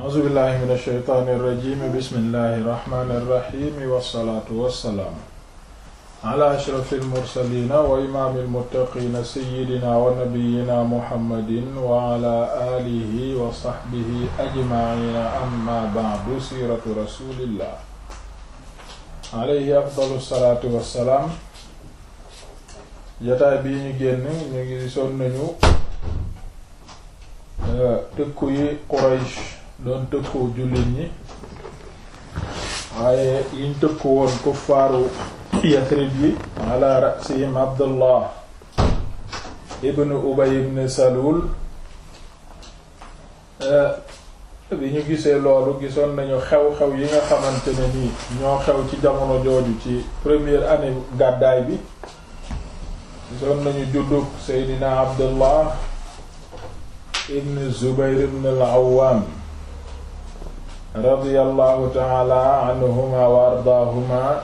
a'uuzu billahi min alsheytaani irrajimi bismillahi irrahmani irrahimi wassalaatu wassalaamu ala ashrafi almursalina wa imaami almuttaqiina seyidina wa nabiyina muhammadin wa ala aalihi wa saxbihi ajmaciina amma ba'du siiratu rasulillah alayhi afdalu salaatu wassalaam jataay bii ñu génn ñu ngi sonn nañu tëkku eh, yi Quraysh doon tëkkoo jullit ñi waaye yiñ tëkk woon kuffaaru Yasrib yi ala rasihim Abdullah ibn Ubay ibn Salul eh, bi ñu gisee loolu gisoon nañu xew-xew yi nga xamante ne nii ñoo xew ci jamono jooju ci première année gàddaay bi gisoon nañu juddug Seydina Abdullah ibn Zubayr ibn al radiyallahu taala anhuma wa ardaahuma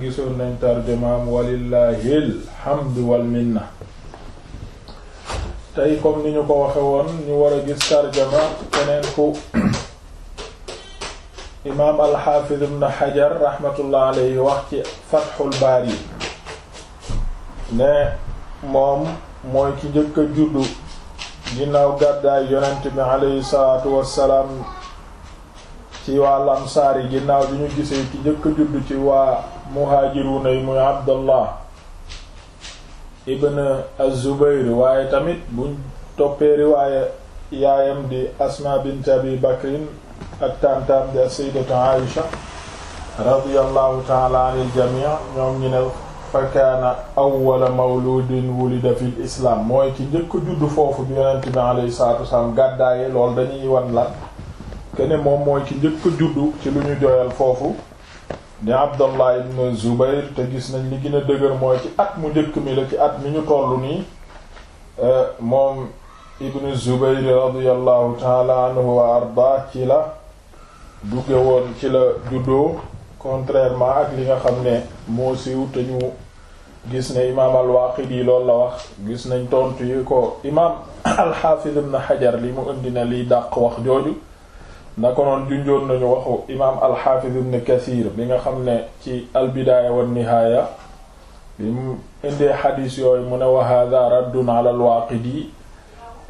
gisoon nañ tarjumaam walillahi alhamdu wal minna tey comme ni ñu ko waxe woon ñu war a gis tarjuma keneen ku imaam alxaafiz ibn xajar raxmatullah alayhi wax ci fatxul baari ne moom mooy ki njëkk a juddu ginnaaw gàddaay yonent bi alayhi salaatu wassalaam ci waa lamsaar yi ginnaaw bi ñu gisee ci njëkk a juddu ci waa muhaajiruuna yi muy abdallah ibn az waaye tamit buñ toppee riwaaye yaayam di asma bint abi bakrin ak tantam di sayyidatu aisha radiyallahu taala an iljami ñoom ñu ne fa kaana awwala mawludin wulida fi l islaam mooy ci jëkk juddu foofu bi yonent bi alayhi salatu wasalaam gàddaaye loolu dañuy wan lan kene moom mooy ci njëkk a juddu ci lu ñu joyal foofu ni Abdallah ibn Zubayr te gis nañ li gën a dëgër mooy ci at mu njëkk mi la ci at mi ñu toll nii eh, moom ibn Zubayr radiyallahu taala anhu wa arda ci la dugge woon ci la juddoo contrairement ak li nga xam ne moo siw te ñu gis ne imaam al-Waaqidi loolu la wax gis nañ tontu yi ko imaam al-Hafiz ibn li mu indi na liy dàq wax jooju nako noon junjoon nañu waxu imaam alxaafiz ibn kasiir bi nga xam ne ci albidaaya wa nihaaya bi mu indee xadiis yooyu mu ne wa hada raddun ala alwaaqidi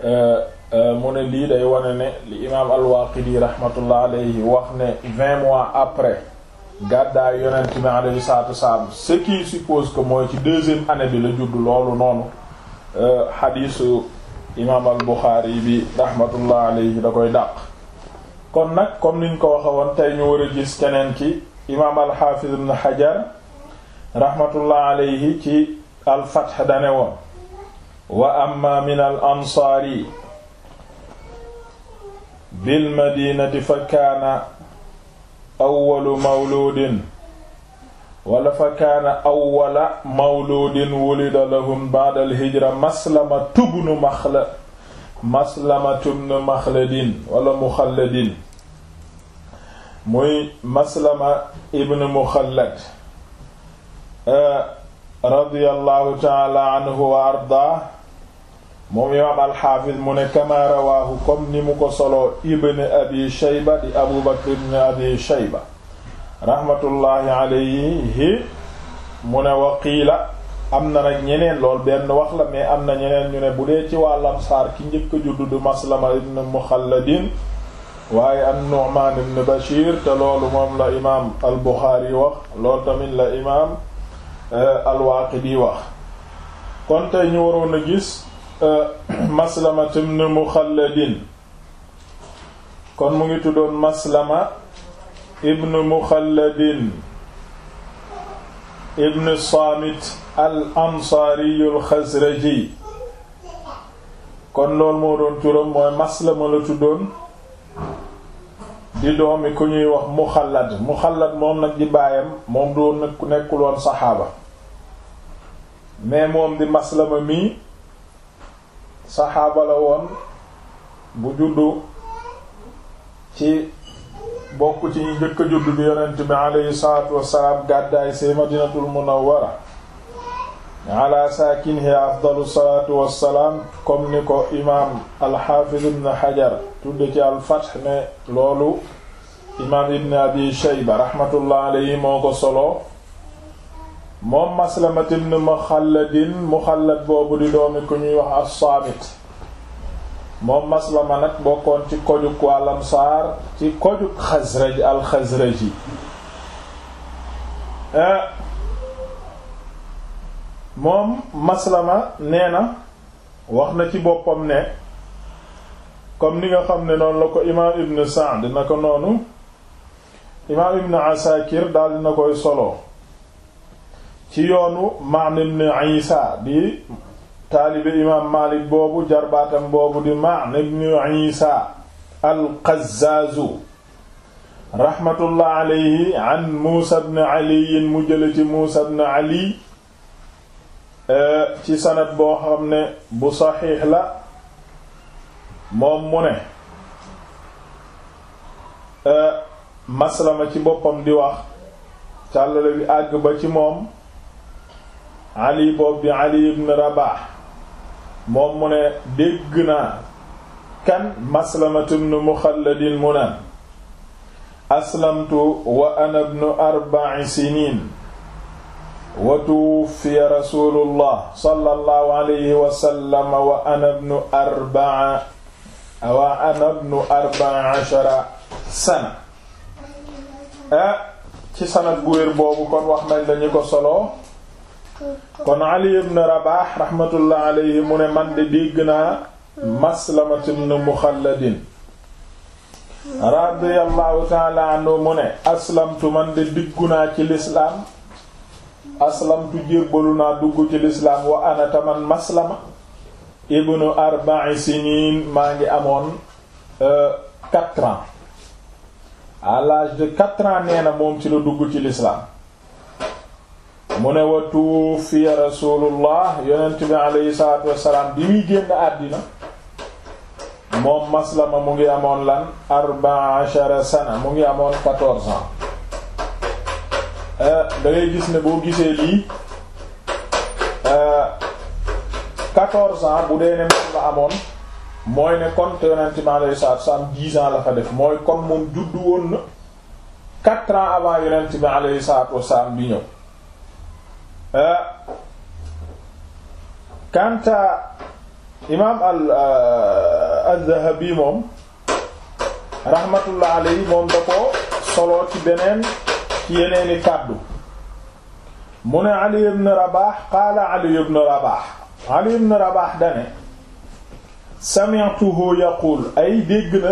euh, euh, mu ne lii day wane ne li imaam alwaaqidi rahmatullah alayhi wax ne vingt mois après gàddaay yonent bi alayhi salaatu wasalaam ce qui suppose que mooy ci deuxième année bi la judd loolu noonu euh, xadiisu imaam al buxaari bi rahmatullah alayhi da koy dàq kon nag comme niñ ko waxe woon tey ñu war a gis keneen ki imaam alxaafiz ibn xajar raxmatullah aleyhi ci alfath dane woon wa amma min al ansaari bil madinati fa kaana awwalu mawluudin wala fa kaana awwala mawluudin wulida lahum ba'da al maslama tubnu maxla maslamatu bnu maxladin wala muxalladin muy maslama ibnu muxallad eh, radiyallahu taala anhu wa arda moom imaam alxaafis mu ne kama rawaahu comme ni mu ko soloo ibn abi shayba di abu bakr ibn abi shayba rahmatullahi alayhi mu ne waqiila am na nag ñeneen lool benn wax la mais am na ñeneen ñu ne bu dee ci wàll lamsaar ki njëkk ju juddu du maslama ibn mukhalladin waaye an nu'man ibn bashir te loolu moom la imaam al buxaari wax loolu tamit la imaam euh, al waaqidi wax kon tey ñu waroon a gis euh, maslama ibn mukhalladin kon mu ngi tuddoon maslama ibn mukhalladin ibn saamit al ansaariyu al xasraji kon loolu moo doon turam mooy maslama la tuddoon di doomi ku ñuy wax muxallad muxallad moom nag di baayam moom doon nag ku nekkul woon saxaaba mais moom di maslama mii saxaaba la woon bu juddu ci bokk ci ñi njëkk a juddu bi yonent bi aleyhi salaatu gàddaay say madinatul munawwara ala saakinihi afdalu comme ni ko imaam alxaafiz ibn xajar tudd ci alfath ne loolu imaam ibn abi shayba rahmatullah solo moom maslamat ibn muxalladin muxallad boobu di doomi ku ñuy wax as moom maslama nag bokkoon ci kojuk waa lamsaar ci kojuk xasraj alxasraji eh, moom maslama nee na wax na ci boppam ne comme ni nga xam ne noonu la ko imaam ibn Sa'd na ko noonu imaam ibn Asakir daal dina koy solo ci yoonu Ma'n ibn Isa di taalibe imaam Maalik boobu jarbaatam boobu di Ma'n ibnu Isa al-Qazzaazu rahmatullah alayhi Muusa ibn Ali mu jële ci Muusa ibn Ali e, ci sanad boo xam ne bu saxiix la moom mu ne e, maslama ci boppam di wax càllale bi àgg ba ci moom Ali boobu di Ali ibn Rabah moom mu ne dégg naa kan maslamatu ibn muxalladin mu naan aslamtu wa ana ibnu arba'i sinin wa tuwuffiya rasulullah sallallahu alayhi wa sallam wa ana ibnu arba'a wa ana ibnu arba'a ashara sana ah ci sanad gu wér boobu kon wax nañ lañu ko solo kon Ali ibn Rabah rahmatullah alayhi mu ne man de dégg naa Maslamat Mukhalladin radiyallahu ta'ala mu ne aslamtu man de diggu naa ci lislaam aslamtu jébbalu naa dugg ci lislaam wa ana taman maslama ibnu arba'i sinin maa ngi amoon euh, quatre ans à l'âge de quatre ans nee moom ci la dugg ci lislaam mu ne wa tuwuffiya rasulullah yonent bi aleyhi salaatu wassalaam bi muy génn àddina moom maslama mu ngi amoon lan arba'a ashara sana mu ngi amoon quatorze ans eh, da gis ne boo gisee lii eh, quatorze ans bu dee ne moom la amoon mooy ne kon te yonent bi aleyhi salaatu wassalaam dix ans la fa def mooy kon moom juddu woon na quatre ans avant yonent bi aleyhi salaatu wassalaam bi ñëw kanta euh, imaam al euh, az-Zahabi moom rahmatullah alayhi moom da ko soloo ci beneen ci yeneeni kàddu mu ne Ali ibn Rabah qaala Ali ibn Rabah Ali ibn Rabah dane sami'tuhu yaqul ay dégg na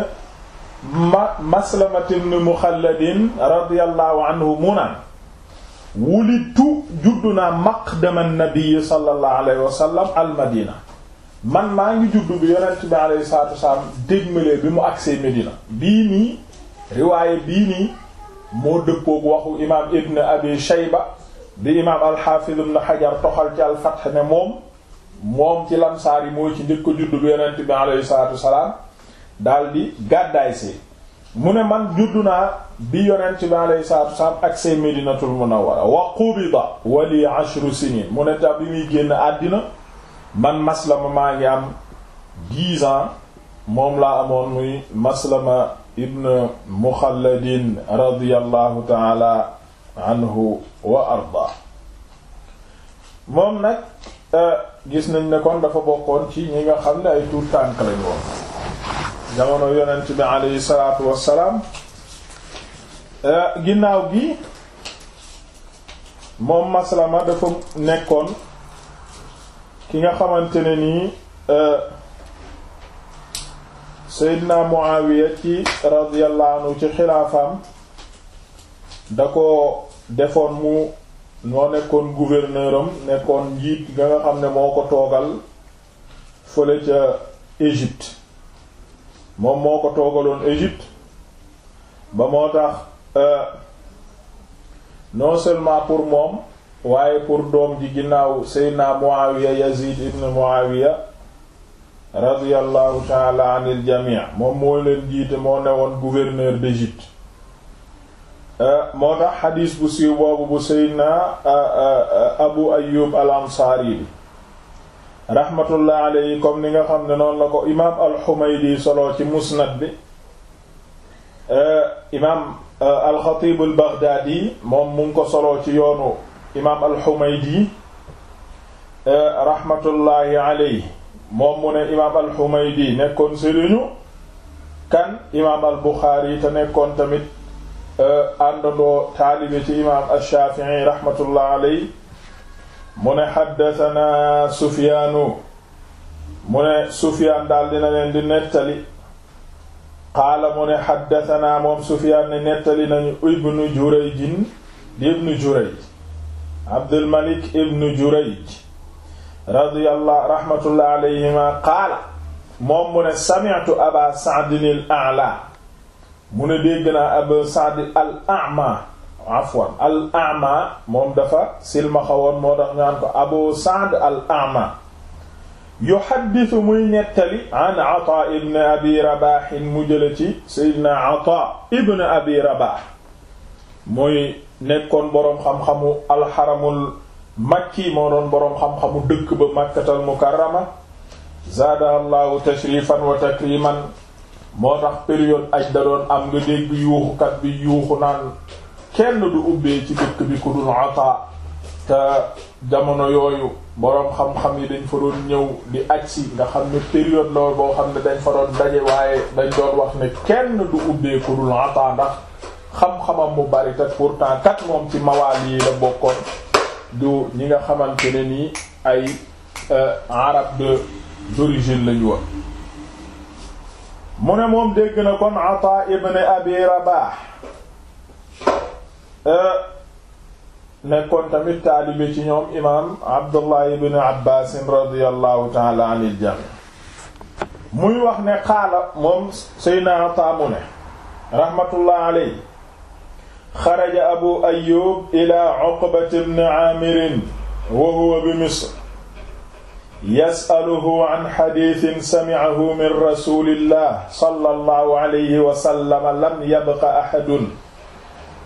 ma Maslamata ibn Mukhalladin radiyallahu anhu mu naan wulitu juddu naa maqdama nabi sallallahu alayhi wa sallam almadina man maa ngi juddu bi yonent bi alayhi salaatu wasalaam dégmale bi mu agsee Medina bii nii riwaaye bii nii moo dëppoog waxu imaam Ibn Abi Shayba bi imaam al-Hafiz Ibn toxal ci al-Fath ne moom moom ci lamsaar yi mooy ci njëkk ko juddu bi yonent bi alayhi salaatu wasalaam daal di gàddaay see mu ne man juddu naa bi yonent bi alayhi salaatu wasalaam ak say Medinatul Munawwara wa qubida wali ashru mu ne ta bi muy génn àddina man maslama maa ngi am dix ans moom laa amoon muy maslama ibn mukhalladin radiyallahu taala anhu wa arda moom nag euh, gis nañ ne kon dafa bokkoon ci ñi nga xam ne ay tuur tànk lañ jamono yonent bi aleyhi salaatu wassalaam eh, ginnaaw gi moom maslama dafa nekkoon ki nga xamante ne nii eh, Seydina Muawiya ci radiyallahu anhu ci xilaafaam da ko defoon mu noo nekkoon gouverneur nekkoon njiit nga nga xam ne moo ko toogal fële ca Égypte moom moo ko toogaloon Égypte ba moo tax euh, non seulement pour moom waaye pour doom ji ginnaaw Seydina Muawiya Yazid ibn Muawiya radiyallahu taala anil jamii moom moo leen jiite moo newoon gouverneur d'Égypte euh, moo tax xadiis bu siiw boobu bu Seydina euh, Abu Ayyub al-Ansari bi rahmatullah alayhi comme ni nga xam ne noonu la ko imaam al-Humaydi solo ci musnad bi euh, imaam euh, al-Xatiib al-Baghdaadi moom mu ko solo ci yoonu imaam al-Humaydi euh, rahmatullahi alayhi moom mu ne imaam al-Humaydi nekkoon sëriñu kan imaam al-Buxaari te nekkoon tamit àndandoo taalibe ci imaam al-Shaafi'i rahmatullah alayhi mu ne xaddatanaa sufiyaanu mu ne sufiyaan daal dina leen di nettali qaala mu ne xaddatanaa moom sufiyaan ne nettali nañu ibnu jurayjin di ibnu jurayj abdulmalik ibnu jurayj radiyallahu rahmatullah alayhima qaala moom mu ne sami'tu aba sa'din al a'la mu ne dégg naa aba sa'd al a'ma afwan moom dafa silmaxa woon moo tax ñaan ko abu sa'd al ama yuhaddisu muy nettali an ata ibn abi rabah mu jële ci sayyidina ata ibn abi rabah muy nekkoon boroom xam-xamu alxaramul makki moo doon boroom xam-xamu dëkk ba makkatal mukarrama zaadaha llahu tashrifan wa takriman moo tax période aj da doon am nga dégg yuuxukat bi yuuxu naan kenn du ubbee ci dëkk bi ku dul ataa jamono yooyu boroom xam-xam yi dañ fa doon ñëw di agsi nga xam ne période lool boo xam ne dañ fa doon daje waaye dañ doon wax ne kenn du ubbee ku dul ataa ndax xam-xamam mu bari te pourtant kat moom ci mawaal yi la bokkoon du ñi nga xamante ne nii ay euh, arab de d'origine lañu wax mu ne moom dégg na kon Ataa ibn Abi Rabah Euh, nekkoon tamit taalibe ci ñoom imaam abdullah ibn abbaasin radiallahu taala an il jami muy wax ne xaala moom sayna taamu ne rahmatullah aley xaraja abu ayub ila uqbat ibn aamirin wa huwa bi misr yasaluhu an xadiisin samicahu min rasulillah sallallahu alayhi wa sallam lam yabqa axadun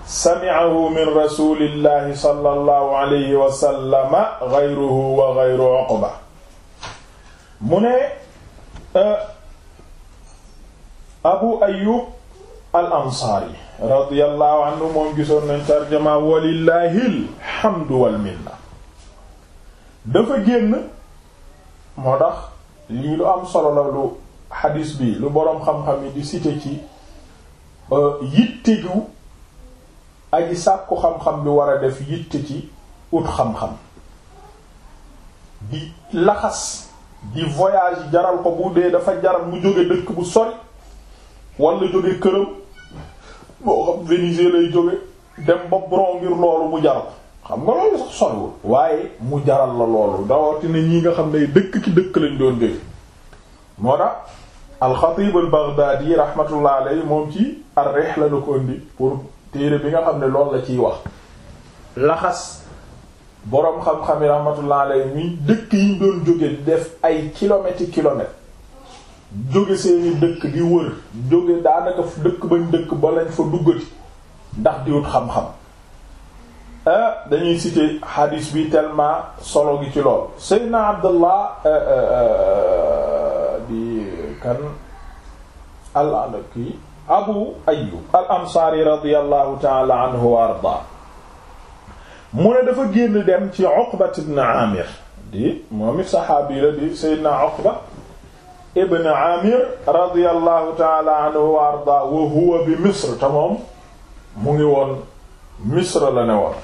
sami'ahu min rasulillahi sallallahu alayhi wa sallam ghayruhu wa ghayru Uqba mu ne euh, Abu Ayyub al-Ansaari radiyallahu anhu moom gisoon nañ tarjama walillahi alhamdu wal minna dafa génn moo tax lii lu am solo la lu xadiis bi lu boroom xam-xam yi di cité ci euh, yittegu aji sàkku xam-xam bi war a def yitte ci ut xam-xam di laxas di voyage jaral ko bu dee dafa jaral mu jóge dëkk bu sol wala jóge këram boo xam Venise lay jóge dem ba bron ngir loolu mu jaral xam nga loolu sax soriwul waaye mu jaral la loolu dawatina ñi nga xam ne dëkk ci dëkk lañ doon jóge moo tax al-Khatib al-Baghdadi rahmatullah moom ci ar-Rihla la ko indi pour téere bi nga xam ne loolu la ciy wax laxas boroom xam-xam yi rahmatullah alayhi ñuy dëkk yi ñu doon jóge di def ay kilomètres i kilomètres jóge seeni dëkk di wër jóge daanaka dëkk bañ dëkk ba lañ fa duggati ndax di wut xam-xam ah dañuy citer hadis bi tellement solo gi ci lool naa Abdallah eh, eh, eh, di kan al kii abu ayyub al ansaari radiyallahu taala anhu wa ardaa mu ne dafa génn dem ci uqbat ibn amir di moom it saxaabi la di seydina uqba ibn amir radiyallahu taala anhu wa ardaa wa huwa bi misr te moom mu ngi woon misr la ne woon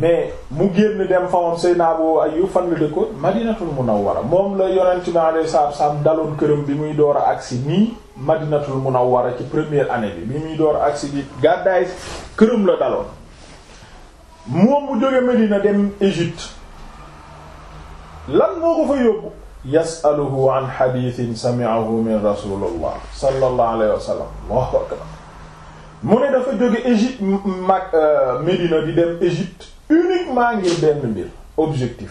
mais mu génn dem fa moom seydina abu ayyub fan la dëkkoon madinatul munawwara moom la yonent bi alayhi salaatu këram bi muy door a nii madinatul munawwara ci première année bi bi muy door agsi bi gàddaay këram la daloon moom mu jóge Medina dem Égypte lan moo ko fa yóbbu yasaluhu an xadithin sami'ahu min rasulullah sallallahu mu ne dafa jóge Égypte mag euh, Medina di dem Égypte uniquement ngir benn mbir objectif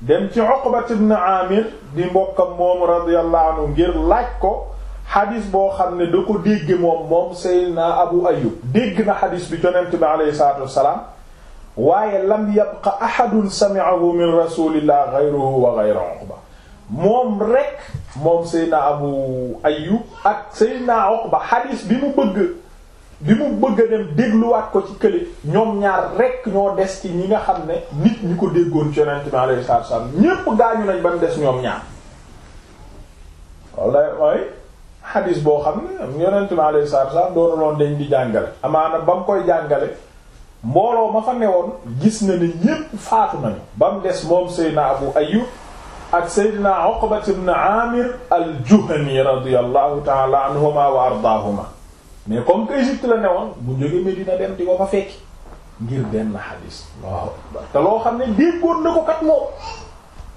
dem ci Uqbat ibn Amir di mbokkam moom radiyallahu anhu ngir laaj ko xadis boo xam ne da ko dégge moom moom Seydina Abu Ayyub dégg na xadis bi yonent bi aleyhi salaatu wassalaam waaye lam yabqa ahadun sami'ahu min rasulillah ghayruhu wa ghayru Uqba moom rek moom Seydina Abu Ayyub ak Seydina Uqba xadis bi mu bëgg bi mu bëgg a dem dégluwaat ko ci kële ñoom ñaar rekk ñoo des ci ñi nga xam ne nit ñi ko déggoon ci yonent bi alayhi salaatu ñépp gaañu nañ ba mu des ñoom ñaar walla mooy xadiis boo xam ne yonent bi alayhi salaatu wasallam dañ di jàngale amaana ba mu koy jàngale mbooloo ma fa newoon gis na ni ñépp faatu nañu ba mu des moom Seydina Abu Ayyub ak Seydina Uqbat ibn Amir al-Juhani radiyallahu ta'ala wa ardaahuma mais comme que Égypte la newoon mu jóge Medina dem di ko fa fekki ngir benn xadis waaw te loo xam ne déggoon na ko kat moom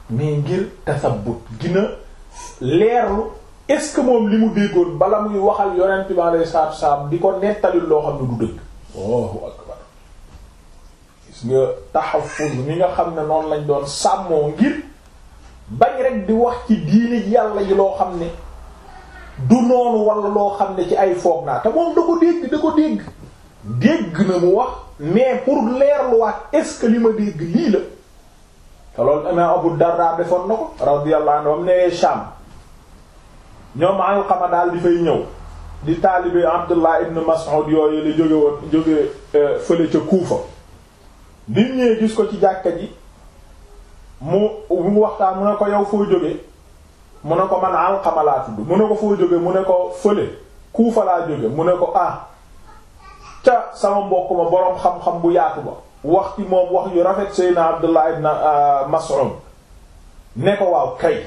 mais ngir tasabut gina leerlu est-ce que moom li mu déggoon bala muy waxal yonent bi alayhi salaatu salaam di ko nettalil loo xam ne du dëgg Allahu akbar gis nga taxafuz ni nga xam ne noonu lañ doon sàmmoo ngir bañ rek di wax ci diini yàlla yi loo xam ne du noonu wala loo xam ne ci ay foog naa te moom da ko dégg da ko dégg dégg na mu wax mais pour leerluwaat est-ce que li ma dégg lii la te loolu imaam Abu Darda defoon na ko radiyallahu anhu am newee Sham ñoom Alqama daal di fay ñëw di taalibe Abdullah ibn Mas'ud yooyu la jóge woon jóge euh, fële ca Kuufa bi ñëwee gis ko ci jàkka ji mu mu waxtaan mu ne ko yow foo jóge mu ne ko man Alqama laa tudd mu ne ko foo jóge mu ne ko fële Kuufa laa jóge mu ne ko ah ca sama mbokk ma boroom xam-xam bu yaatu ba wax ci moom wax yu rafet Seydina Abdullah ibn ah, Mas'ud ne ko waaw kay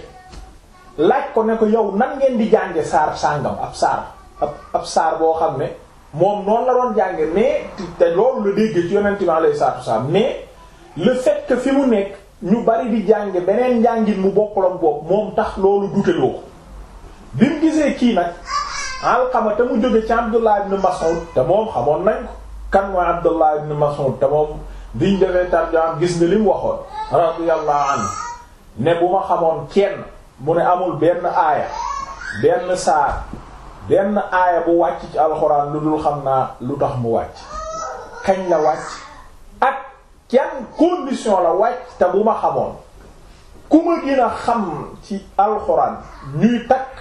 laaj ko ne ko yow nan ngeen di jànge saar sàngam ab saar ab ab saar boo xam ne moom noonu la doon jànge mais te loolu la déggee ci yonent bi alayhi salaatu wasalaam mais le fait fi mu nekk ñu bari bi jànge beneen njàngin mu bokkulam boobu moom tax loolu duteloo ko bi mu gisee kii nag Alqama te mu jóge ci Abdullah ibn Mas'ud te moom xamoon nañ ko kan mooy Abdullah ibn Mas'ud te moom biñ defee tarjam gis nga li mu waxoon radiyallahu anhu ne bu ma xamoon kenn mu ne amul benn aaya benn saar benn aaya bu wàcc ci alxuraan lu dul xam naa lu tax mu wàcc kañ la wàcc ak yan condition la wàcc te bu ma xamoon ku ma gën a xam ci alxuraan ñuy takk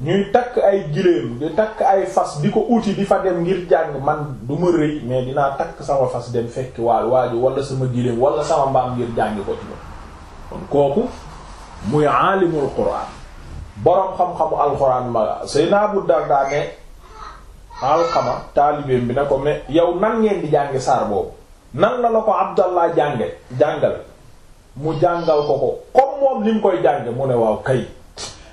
ñuy takk ay giléem di takk ay fas di ko uti di fa dem ngir jàng man du rëy mais dinaa takk sama fas dem fekki waa waaju wala sama giléem wala sama mbaam ngir jàngi ko ci kon kooku muy aalimul quraan boroom xam-xamu alxuraan ma Seydina Abu Darda ne alxama taalibeem bi na ko mais yow nan ngeen di jàngi saar boobu nan la la ko Abdallah jànge jàngal mu jàngal ko ko comme moom ni mu koy jànge mu ne waaw kay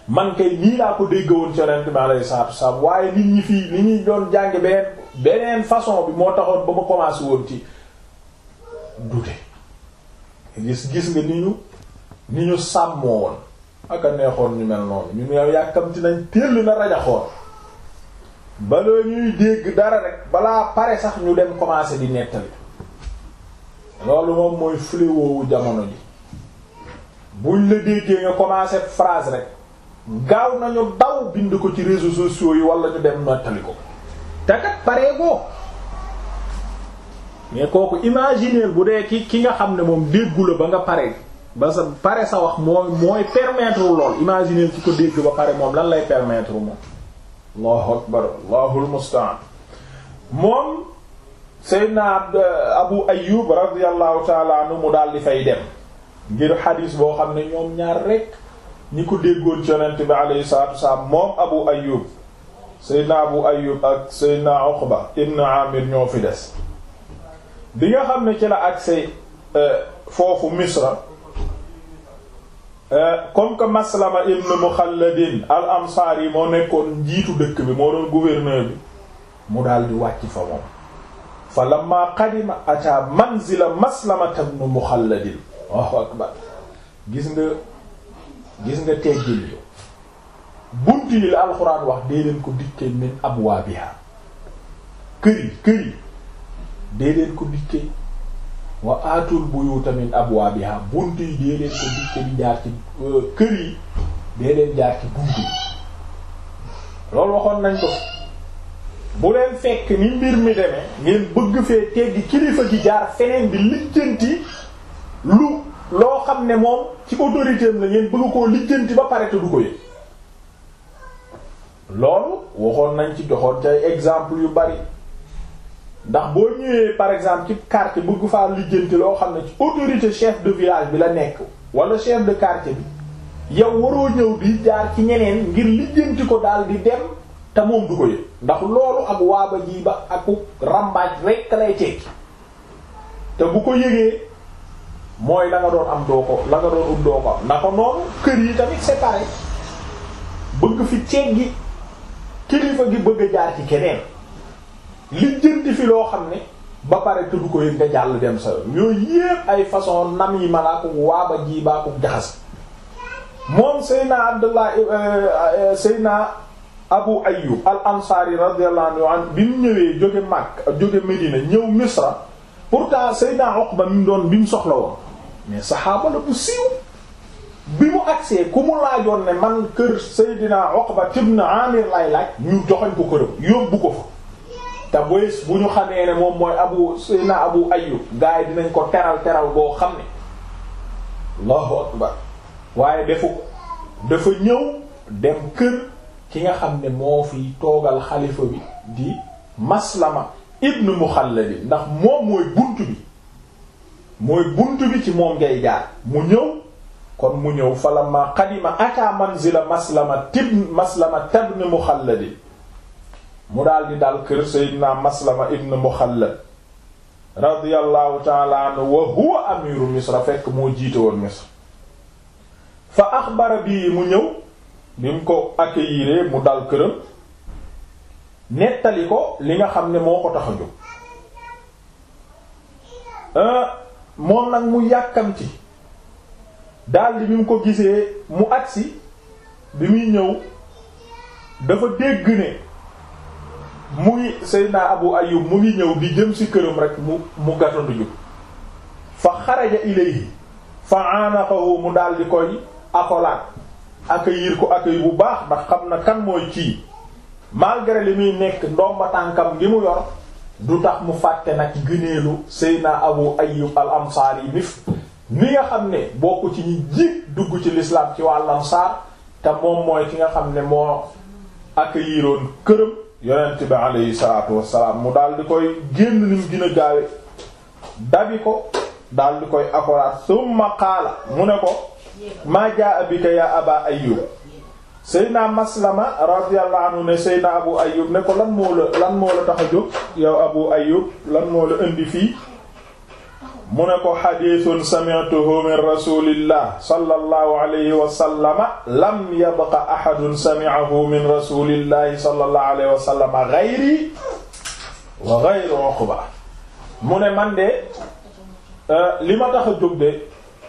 man kay nii laa ko dégg woon ci Yonent bi alayhi salaatu wassalaam waaye nit ñi fii ni ñuy doon jànge beneen façon bi moo taxoon ba ma commencé woon ci dute gis gis nga ni ñu ni ñu sàmmoo woon ak a neexoon ñu mel noonu ñu ne yàkkamti nañ teel na rajaxoon baloo ñuy dégg dara rek balaa pare sax ñu dem commencé di nettali loolu moom mooy fléau jamono ji buñ la déggee nga commencé phrase rek gaaw nañu daw bind ko ci réseaux sociaux yi wala ñu dem nettali ko te kat paree boo mais kooku imaginer bu dee ki ki nga xam ne moom déggu la ba nga pare ba sa pare sa wax mooy mooy permettre lool imaginer ki ko dégg ba pare moom lan lay permettre moom allahu akbar allahul musta'an moom Seydina euh, Abu Ayyub radiyallahu taala mu daal di fay dem ngir xadiis boo xam ne ñoom ñaar rek ñi ko déggoon ci yonent bi alayhi salaatu wasalaam moom Abu Ayyub Seydina Abu Ayyub ak Seydina Uqba ibn Amir ñoo fi des bi nga xam ne ci la euh, foofu Misra euh, comme que Maslama ibn Mukhalladin al Ansaari moo nekkoon njiitu dëkk bi moo doon gouverneur bi mu daal di wàcc fa moom fa lamma qadima ataa manzila maslamata ibn mukhalladin Allahu akbar gis nga gis nga teggil yi bunt yi la alxuraan wax dee leen ko dikkee min abwaabiha kër yi kër dee leen ko dikkee wa aatul buyuta min abwaabiha bunt yi dee leen ko dikkee di jaar ci euh, kër dee leen jaar ci bunt yi loolu waxoon nañ ko bu leen fekk ni mbir mi demee ngeen bëgg fee teggi kilifa gi jaar feneen bi lijjanti lu loo xam ne moom ci autorité am la ngeen bëgg koo lijjanti ba pare te ko yëg loolu waxoon nañ ci joxoon ci exemple yu bari ndax boo ñëwee par exemple ci quartier bëgg faa lijjanti loo xam ne ci autorité chef de village bi la nekk wala chef de quartier bi yow waroo ñëw di jaar ci ñeneen ngir lijjanti ko daal di dem te moom du ko yëg ndax loolu ak waaba ji ba ak rambaaj rekk lay tekki te bu ko yëgee mooy la nga doon am doo ko la nga doon ut doo ko am na ko noonu kër yi tamit c'est pareil bëgg fi ceeg gi kilifa gi bëgg a jaar ci keneen li jënd fi loo xam ne ba pare te du ko yëg nga jàll dem sa yoon yooyu yépp ay façon nam yi malaako waaba ji ba ak jaxas moom Seydina Abdullah euh, euh, Seydina abu ayyub al ansari radiyallahu anhu bi mu ñëwee jóge Makka jóge Medina ñëw misra pourtant Seydina Uqba mi doon biñ mu soxla woon mais saxaaba la bu siiw bi mu agsee ku mu laajoon ne man kër Seydina Uqba ibn Amir lay laaj ñu joxoñ ko këram yóbbu ko fa te bu ñu xamee ne moom mooy abu Seydina abu ayyub gars dinañ ko teral teral boo xam ne allahu akbar waaye defu ko dafa ñëw dem kër ki nga xam ne moo fi toogal xalifa bi di maslama ibn muxallad ndax moom mooy bunt bi mooy bunt bi ci moom ngay jaar mu ñëw kon mu ñëw falamma qadima ata manzila maslama tibn maslama tabn muxallad mu daal di dal kër sayyidina maslama ibn muxallad radiyallahu ta'ala wa huwa amiru misra fekk moo jiite woon misra fa axbara bii mu ñëw bi mu ko accueillir mu dal këram nettali ko li nga xam ne moo ko tax a jóg euh, moom nag mu yàkkamti daldi bi mu ko gisee mu agsi bi muy ñëw dafa dégg ne mu ngi Seydina Abu Ayyub mu ngi ñëw bi jëm si këram rek mu mu gatandu jóg fa xaraja ilayhi fa aanaqahu mu daldi koy akolaat accueillir ko accueil bu baax ndax xam na kan mooy kii malgré li muy nekk ndomba tànkam gi mu yor du tax mu fàtte nag gëneelu Seydina Abu Ayyub al Ansaari mif mi nga xam ne boo ko ci ñi jiit dugg ci lislaam ci wàll Ansaar te moom mooy ki nga xam ne moo accueilliroon këram yonent bi aleyhi salaatu wassalaam mu daal di koy génn ni mu gën a ko daal di koy accoraat summa qaala mu ne ko maa jaa bika ya aba ayyub seydna maslama radiyallahu anhu ne seydna abu ayyub ne ko lan moo la lan moo la tax a jóg yow abu ayyub lan moo la indi fii mu ne ko xadiisun sami'tuhu min rasulillah sallallahu alayhi wa sallama lam yabqa ahadun sami'ahu min rasulillahi sallallahu alayhi wa sallama ghayri wa ghayru uqba mu ne man de eh, li ma tax a jóg de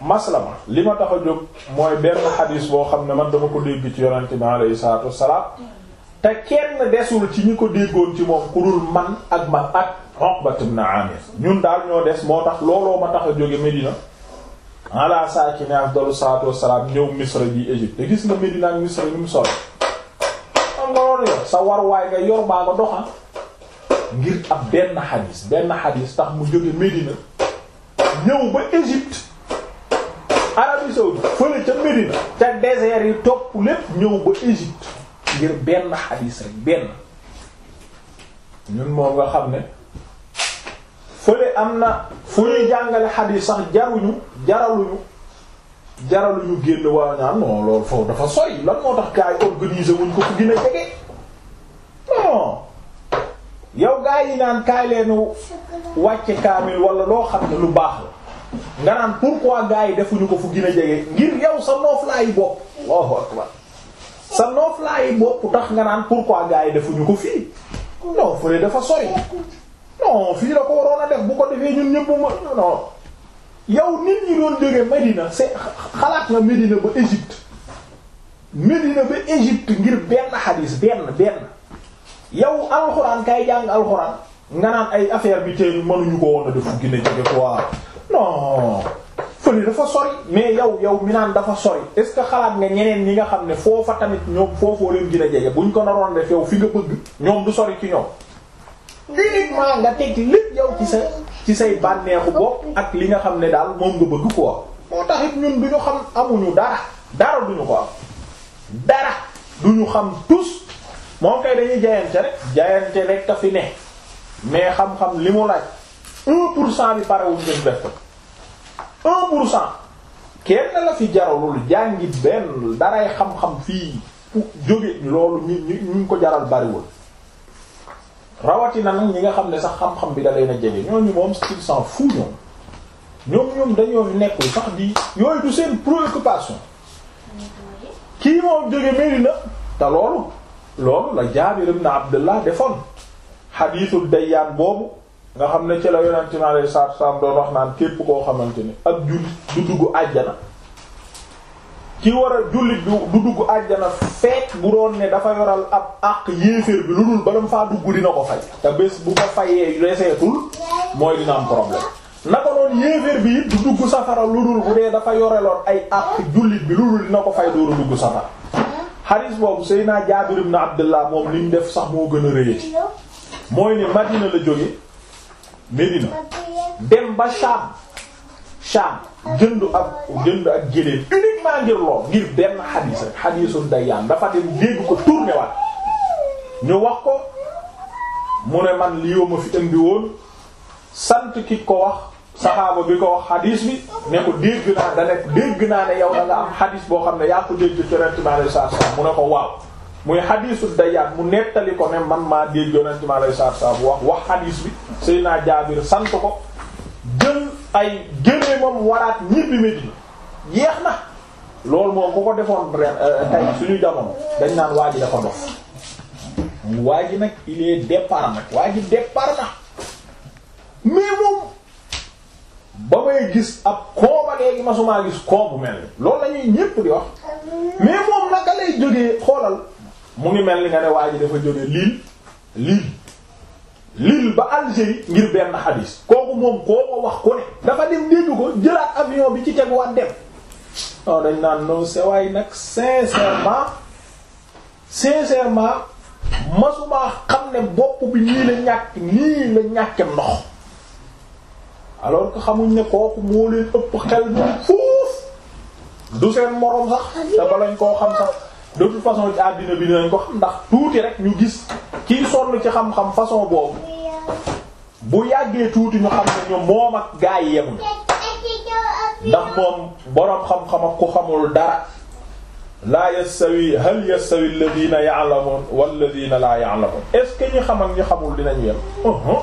maslama li ma tax a jóg mooy benn xadis boo xam ne man dama ko dégg ci yonente bi alayhi salaatu wassalaam te kenn desul ci ñi ko déggoon ci moom ku dul man ak man ak Uqbat ibn Amir ñun daal ñoo des moo tax looloo ma tax a jóge Medina ala saakini afdalu salaatu wassalaam ñëw Misra ji gis nga Medina ak Misra ñu mu solo am nga loolu yor sa war waay nga yor baa nga ngir ab benn xadis benn xadis tax mu jóge Medina ñëw ba Égypte Arabie saoudite fële ca Médine ca désert yi topp lépp ñëw ba Égypte ngir benn xadiis rek benn ñun moom nga xam ne fële am na fu ñuy jàngale xadiis sax jaruñu jaraluñu jaraluñu génn waa ñaan non loolu foofu dafa soy lan moo tax gars yi wuñ ko fu gën a jege yow gars yi naan kaay leenu wàcce kaamil wala loo xam ne lu baax la nga naan pourquoi gars yi defuñu ko fu gën jege ngir yow sa nooflaayu bopp Allahu akbar sa nooflaayu bopp tax nga naan pourquoi gars yi defuñu ko fii non fële dafa sori non fii la ko waroon a def bu ko defee ñun ñëpp ma non nit ñi doon jógee Medina c'est xalaat nga Medina ba Égypte Medina ba Égypte ngir benn xadiis benn benn yow alxuraan kay jàng alxuraan nga naan ay affaire bi tey mënuñu ko woon a def fu gën a jege quoi. non fële dafa sori mais yow yow mi naan dafa sori est ce que xalaat nga ñeneen ñi nga xam ne foofa tamit ñoom foofoo leen gën a jege buñ ko naroon def yow fi nga bëgg ñoom du sori ci ñoom. uniquement nga teg lépp yow ci sa ci say bànneexu bopp ak li nga xam ne daal moom nga bëgg quoi. moo taxit ñun du ñu xam amuñu dara dara du ñu ko am dara du ñu xam tous moom kay dañuy jaayante rek jaayante rek ka fi ne mais xam-xam li mu laaj. un pour cent bi parewul ngeen def ko un pour cent kenn la fi jaralul jàngi benn daray xam-xam fii jóge loolu ñu ñu ñu ko jaral bariwul rawatina nag ñi nga xam ne sax xam-xam bi da leen a jege ñooñu moom s'il s'en fout ñoom ñoom ñoom dañoo nekkul sax di yooyu du seen préoccupation kii moom jóge Medina te loolu loolu la Jaabir ibn Abdullah defoon xadiisul dayyaan boobu nga xam ne ci la yonent mi alayhi salaatu wa salaam doon wax naan képp koo xamante ni ab jullit du dugg àjjana ki war a jullit du du bu doon ne dafa yoral ab àq yéeféer bi lu dul bala mu faa dugg dina ko fay te bés bu ko fayee reseetul mooy dina am problème naka noonu yéeféer bi it du dugg safara lu dul bu dee dafa yoreloon ay àq jullit bi lu dul dina ko fay dooru dugg safara xaris boobu Seydina Jaabir ibn Abdullah moom li mu def sax moo gën a rëyati mooy ne Madina la jóge Medina dem ba Sham Sham jëndu ak jëndu ak géléem uniquement ngir lool ngir benn xadiis rek da Dayyan dafa dem dégg ko tourné waat ñu wax ko mu ne man li yow ma fi indi woon sant ki ko wax saxaaba bi ko wax xadiis bi ne ko dégg naa da nekk dégg naa ne yow da la am xadiis boo xam ne yaa ko dégg ci Yonent bi sallallahu mu ne ko waaw muy xadiisu dayaat mu nettali ko ne man maa dégg yonent mi alayhi salaatu salaam wax wax xadiis bi Seydina Jaabir sant ko jël ay gënee moom waraat ñibbi Medina yeex na loolu moom ku ko defoon euh, euh, tay suñu jamono dañ naan waa ji dafa dox nag il est nag waa ji départ na moom ba may gis ab kooba léegi masumaa gis koobu mel ni loolu lañuy ñépp di wax mais moom naka lay jógee xoolal mu ngi mel ni nga ne waa dafa jóge Lille Lille Lille ba Algérie ngir benn xadis kooku moom koo ko wax ku ne dafa dem dégg ko jëlaat avion bi ci teguwaat dem non dañ naan non c'est waaye nag sincèrement sincèrement masumaa xam ne bopp bi nii la ñàkk nii la ñàkke ndox alors que xamuñ ne kooku moo leen ëpp xel ñu fuuf du seen moroom sax te lañ koo xam sax de toute façon ci àddina bi dinañ ko xam ndax tuuti rek ñu gis kiy sonn ci xam-xam façon boobu bu yàggee tuuti ñu xam ne ñoom moom ak gaa yi yem ndax moom boroom xam-xam ak ku xamul dara laa yastawi hal yastawi alladhina ya'lamun walladhina la ya'lamun est ce que ñu xam ak ñu xamul dinañ yem uh-huh.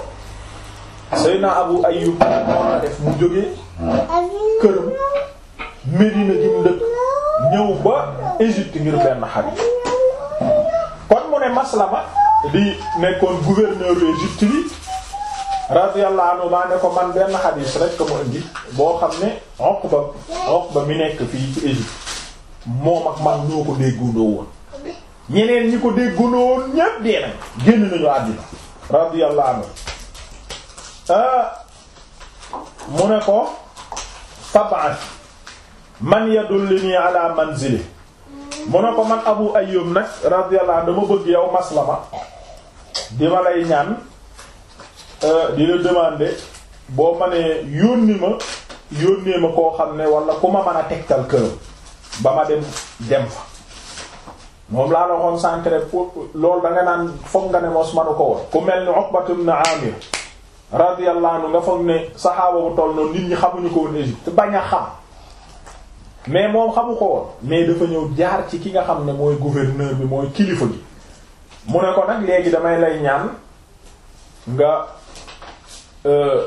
Seyna Abu Ayyub moo mu jógee këram Medina gi mu ñëw ba Égypte ngir benn xarit kon mu ne Maslama di nekkoon gouverneur yu Égypte bi radiyallahu anhu maa ne ko man benn xadiis rek boo xam ne Uqba moom ak man ñoo ko déggundoo woon ñeneen ñi ko déggundoo woon ñépp dee nañ génn nañu àddina radiyallahu anhu ah, mu ne ko fab'ath man yadullini ala manzili mu ne ko man abu ayyub nag radiyallahu dama bëgg yow maslama di ma lay ñaan euh, di la demander boo ma nee yónni ma yónnee ma koo xam ne wala ku ma mën a tegtal këram ba ma dem dem fa moom laa la waxoon sànqre pour loolu da naan foog nga ne mos manu ko woon ku mel ni Uqbatu ibn Amir radiyallahu nga foog ne saxaaba bu toll noonu nit ñi xamuñu ko woon Égypte bañ a xam mais moom xamu ko mais dafa ñëw jaar ci ki nga xam ne mooy gouverneur bi mooy kilifa gi mu ne ko nag léegi damay lay ñaan nga euh,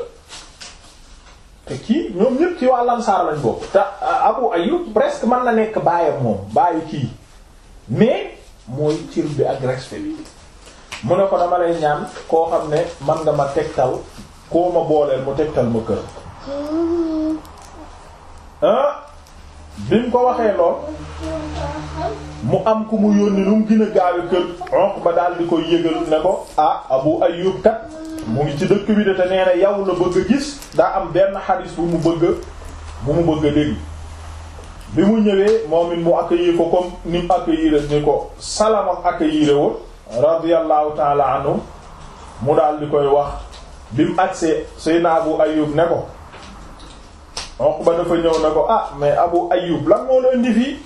te kii ñoom ñëpp ci waa Ansaar lañ bokk te euh, Abu Ayyub presque mën na nekk baayam moom baayu kii mais mooy ci bi ak respect bi mu ne ko dama lay ñaan koo xam ne man nga ma tegtal koo ma booleel mu tegtal ma kër mm-hmm. bi mu ko waxee lool mu am ku mu yónni lu mu gën a kër Uqba daal di koy yëgal ne ko ah Abu Ayyub kat mu ngi ci dëkk bi de te nee na la bëgg a gis daa am benn xadis bu mu bëgg bu mu bëgg a dégg bi mu ñëwee moom it mu accueillir ko comme ni mu accueillir ni ko salamam accueillir woon radiyallahu ta'ala anhu mu daal koy wax bi mu agsee Seydina Abu Ayyub ne ko Uqba dafa ñëw na ko ah mais Abu Ayyub lan moo la indi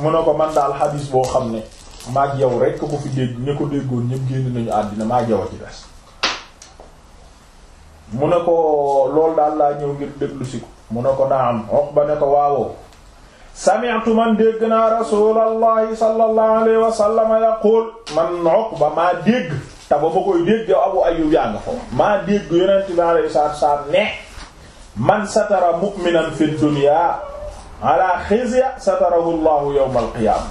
mu ne ko man daal xadiis boo xam ne maag yow rekk ko fi dégg ña ko déggoon ñëpp génn nañu àddina maa yow ci des mu ne ko loolu daal laa ñëw ngir déglu si ko mu ne ko naam ba ne ko waawoo sami'tu man dégg naa rasulallahi sallallahu alayhi wa sallam yaqul man Uqba maa dégg te ba ma koy dégg yow Abu Ayyub yaa nga fa maa dégg yonent bi alayhi salaatu wa salaam ne man satara mu'minan fi dunya ala xizya satarahu llahu yawmal qiyaama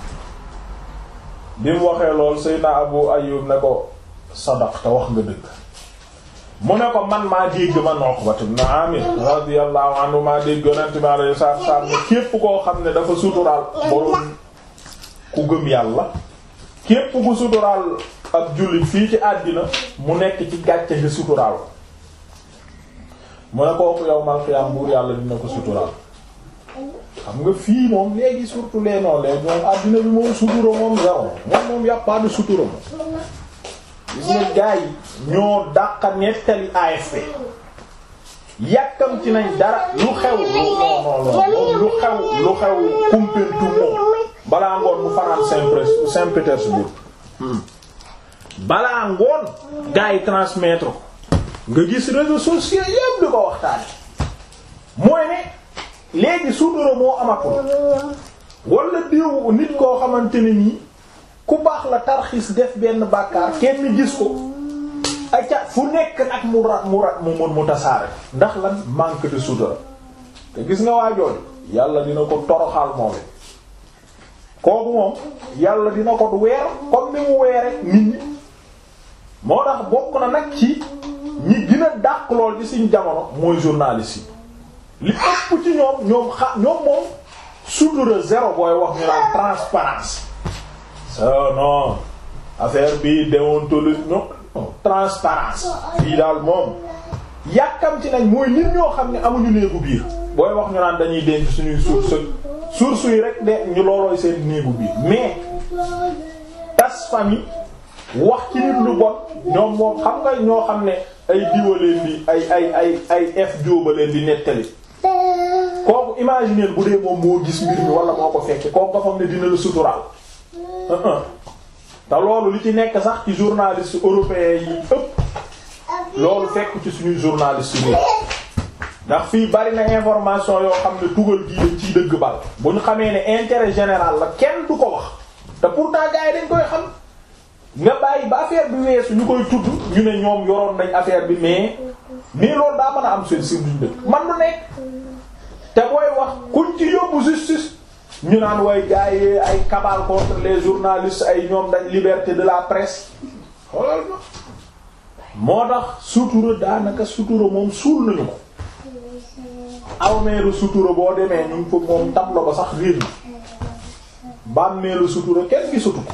bi mu waxee lool Seydina Abu Ayyub ne ko sadaqta wax nga dëgg mu ne ko man maa dégg man Uqbat ibn Amir radiyallahu anhu maa dégg yonente bi alayhi salaatu salaam képp koo xam ne dafa suturaal borom ku gëm yàlla képp ku suturaal ab jullit fii ci àddina mu nekk ci gàcce gi suturaal mu ne kooku yawmal qiyaam buur yàlla dina ko suturaal xam nga fii moom léegi surtout les non les moom addina bi moom sutura moom zéro moom moom yi ñoo dàq nettali AFP yàkkamti nañ dara lu xew lu xew lu balaa ngoon mu fanaan Saint-Pétersbourg Saint-Pétersbourg hmm. balaa ngoon gars yi transmettre nga gis réseaux sociaux yépp di ko waxtaane mooy ne léegi suudara moo amatul wala diw nit koo xamante ne nii ku baax la tarxiis def benn bàkkaar kenn gis ko acca fu nekk nag mu ra mu ra mu mën mu tasaare ndax la manque de suudara te gis nga waa yàlla dina ko toroxal moom kooku moom yàlla dina ko weer comme ni mu weere nit ñi moo tax bokk na nag ci ñi gën a dàq lool ci suñ jamono mooy journaliste yi li ëpp ci ñoom ñoom xa ñoom moom sutura zéro booy wax ñu naan transparence so non affaire bi déontologie non transparence fii daal moom yàkkam ci nañ mooy nit ñoo xam ne amuñu néegu biir booy wax ñu naan dañuy denc suñuy source source yi rek de ñu loolooy seen néegu biir mais tas famille wax ci nit lu bon ñoom moom xam nga ñoo xam ne ay diwa leen di ay ay ay ay f diwa leen di nettali kooku imaginer bu dee moom moo gis mbir mi wala moo ko fekke kooku nga xam ne dina la suturaal uh-uh. te loolu li ci nekk sax ci journaliste européen yi ëpp loolu fekk ci suñuy journaliste yi ndax fii bari na information yoo xam ne tugal gi dañ ciy dëgg bal bu xamee ne intérêt général la kenn du ko wax te pourtant gars dañ koy xam nga bàyyi ba affaire bi weesu ñu koy tudd ñu ne ñoom yoroon nañ affaire bi mais mais loolu daa mën a am seen si duñ dëkk man lu nekk te booy wax kuñ ci yóbbu justice ñu naan way gaayee ay cabale contre les journalistes ay ñoom dañ liberté de la presse xoolal ma moo tax sutura daanaka sutura moom suul nañu ko almeeru sutura boo demee ñu ngi fa moom tablo ba sax riir na bàmmeelu sutura kenn gi sutu ko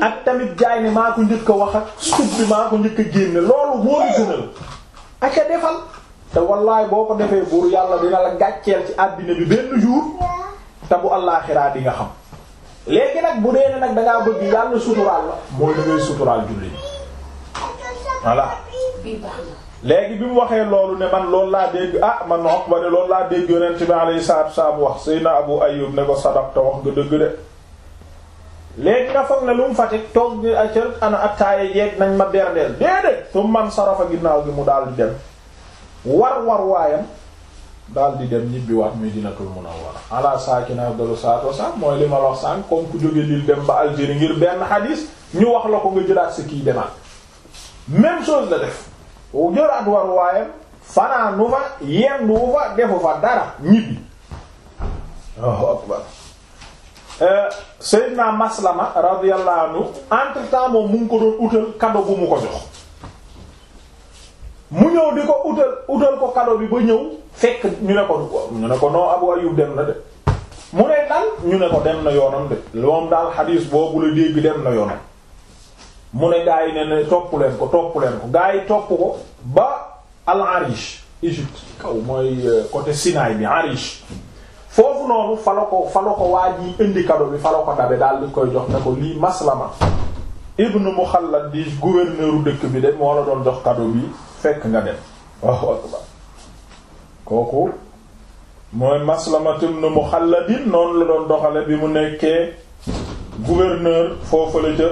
ak tamit jaay ne maa ko njëkk a wax ak sut bi maa ko njëkk génne loolu moo di gënal ak a defal te wallaay boo ko defee buur yàlla dina la gàcceel ci àddina bi benn jour te bu allaaxiraa di nga xam léegi nag bu dee ne nag da bëgg yàlla suturaal la mooy da suturaal julli voilà léegi bi mu waxee loolu ne man loolu laa dégg ah man noq ba ne loolu laa dégg yonent bi alayhi salaatu wa salaam wax Seydina Abu Ayyub ne ko sadaqta wax nga dëgg de léegi nga foog ne lu mu fa teg toog bi acca ana attaaye jeeg nañ ma berdeel déedéet su man sarafa ginnaaw gi mu daal di dem war war waayam daal di dem ñibbiwaat Madinatul la ala saakina afdalu salaatu wassalaam mooy li ma wax sànq comme ku jóge Lille dem ba Algérie ngir benn xadiis ñu wax la ko nga jëlaat si kii demaat même chose la def jëlaat war waayam fanaanu fa yendu fa defu fa dara ñibbi Euh, Seydina Maslama radiyallahu anhu entre temps moom mu ngi ko doon utal cadeau bu mu ko jox mu ñëw di ko utal utal ko cadeau bi ba ñëw fekk ñu ne ko ñu ne ko non Abu Ayyub dem na de mu ne dal ñu ne ko dem na yoonam de moom daal xadiis boobu la dégg dem na yoonam mu ne gaa yi ne ne topp ko topp leen ko gaa yi topp ko ba al Arish Égypte kaw mooy euh, côté Sinaï bi Arish foofu noonu fa la ko fa ko waa ji indi kado bi fa la ko dabe daal di koy jox ne ko lii maslama ibnu Muxallad di dëkk bi de moo la doon jox kado bi fekk nga dem waaw kooku mooy maslamat ibnu Muxalladin noonu la doon doxale bi mu nekkee gouverneur foofu la ca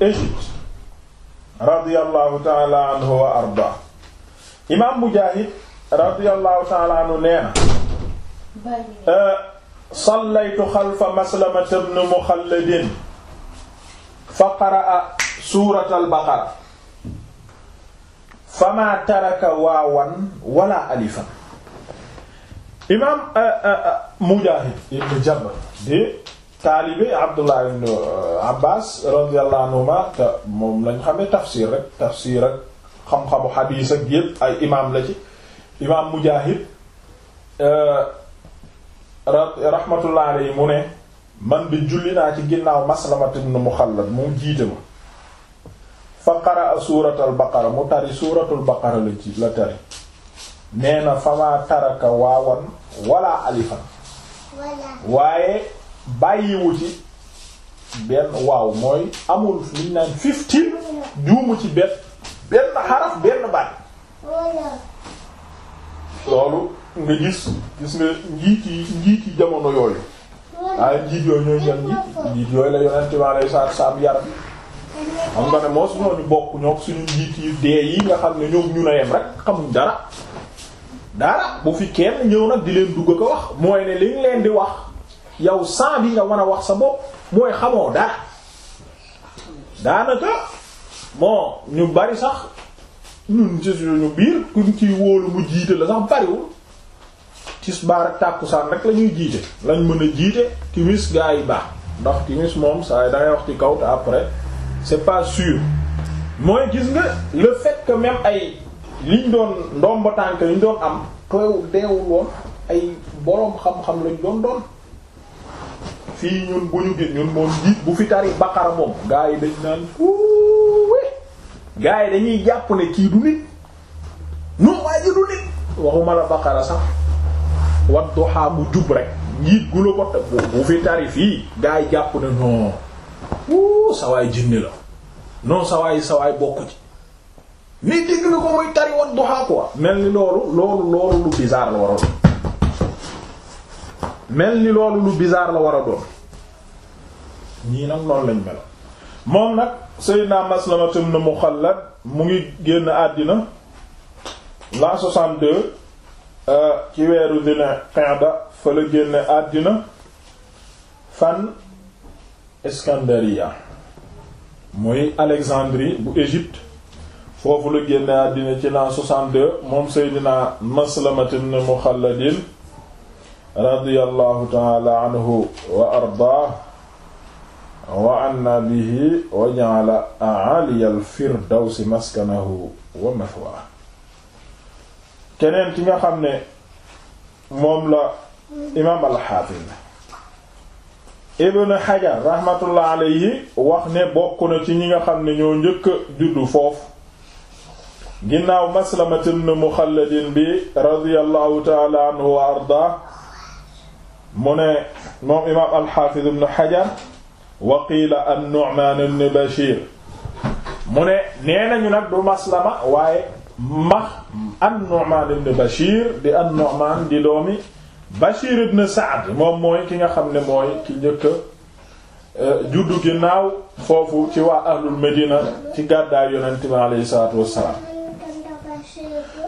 Égypte radiyallahu taala anhu wa imaam Mujaahid radiyallahu taala anhu nee Euh, sallaytu xalfa maslamata ibn muxalladin fa qaraa suurat albaqara famaa taraka waawan wala alifan imaam euh, euh, mujaahid ibn jabr di taalibe abdullah ibn abbas radiyallahu anhuma te moom lañ xamee tafsir rek tafsir ak xam-xamu xadiis ak yépp ay imaam la ci imaam mujaahid rahmatullah alayhi mu ne man bi julli naa ci ginnaaw maslamat ibn muxallad mu jiite ma fa qaraa suuratul baqara mu tari suuratul baqara la ci la tari nee na famaa taraka waawan wala alifan waaye bàyyiwu ci benn waaw mooy amul liñ naan fifteen juumu ci benn xaraf benn baat loolu nga gis gis nga njiit yi njiit yi jamono yooyu waaye njiit yooyu ñooy yan njiit yooyu la yonent bi alayhi salaatu salaam yar xam nga ne moo su ñooñu bokk ñoo suñu njiit yi dee yi nga xam ne ñoo ñu na yem rek xamuñ bu fi kenn ñëw nag di wax mooy leen di wax yow sans bi nga mën a wax sa bopp mooy xamoo dara daanaka bon ñu bari sax ñun ci suñu biir kuñ ci wóolu mu jiite la sax bariwul tisbaar ak tàkkusaan rek la ñuy jiite lañ mën a jiite timis gaa yi baax ndax timis moom saa yi da wax ci kaw te après c'est pas sûr mooy gis nga le fait que ay liñ doon ndomba tànk liñ doon am teew deewul woon ay boroom xam-xam lañ doon doon fii ñun bu ñu gis moom jiit bu fi tari baqara moom gaa yi dañ naan uuwe gaa yi dañuy jàpp ne kii nit non waaye ji du nit waxuma la baqara sax wadduha mu jub rek njiit gu la ko bu fi tarif fii gaa yi jàpp ne non wuu sawaay jinne la non sawaay sawaay bokku ci ni dégg na ko muy tari wadduha quoi mel ni loolu lu bizarre la war a doon mel ni loolu lu bizarre la war a doon ñii nag noonu lañ mel moom nag Sayyidina Maslamatum na Muxallad mu ngi génn àddina la 62 Euh, ci weeru dina qa'da fa la génne àddina fan Iskandariya muy Alexandrie bu Égypte foofu la génne àddina ci l'an 62 moom Seydina Maslamat ibn Mukhalladin radiyallahu ta'ala anhu wa ardaah wa anna bihi wa ja'ala a'ali al-firdawsi maskanahu wa mathwaahu keneen ki nga xam ne moom la imaam al-Hafiz ibn Hajar rahmatullah wax ne bokk na ci ñi nga xam ne ñoo njëkk juddu foofu ginnaaw Maslamat ibn Mukhalladin bi radiyallahu ta'ala anhu wa ardaa mu ne moom imaam al-Hafiz ibn wa qiila an-Nu'man ibn Bashir mu ne nee nañu nag du Maslama waaye max an-Nu'man ibn Bashir di an-Nu'man di doomi Bashir ibn Sa'd moom mooy ki nga xam ne mooy ki njëkk e, juddu ginnaaw foofu ci waa ahlul Medina ci gàddaay yonent bi aleyhi salaatu wassalaam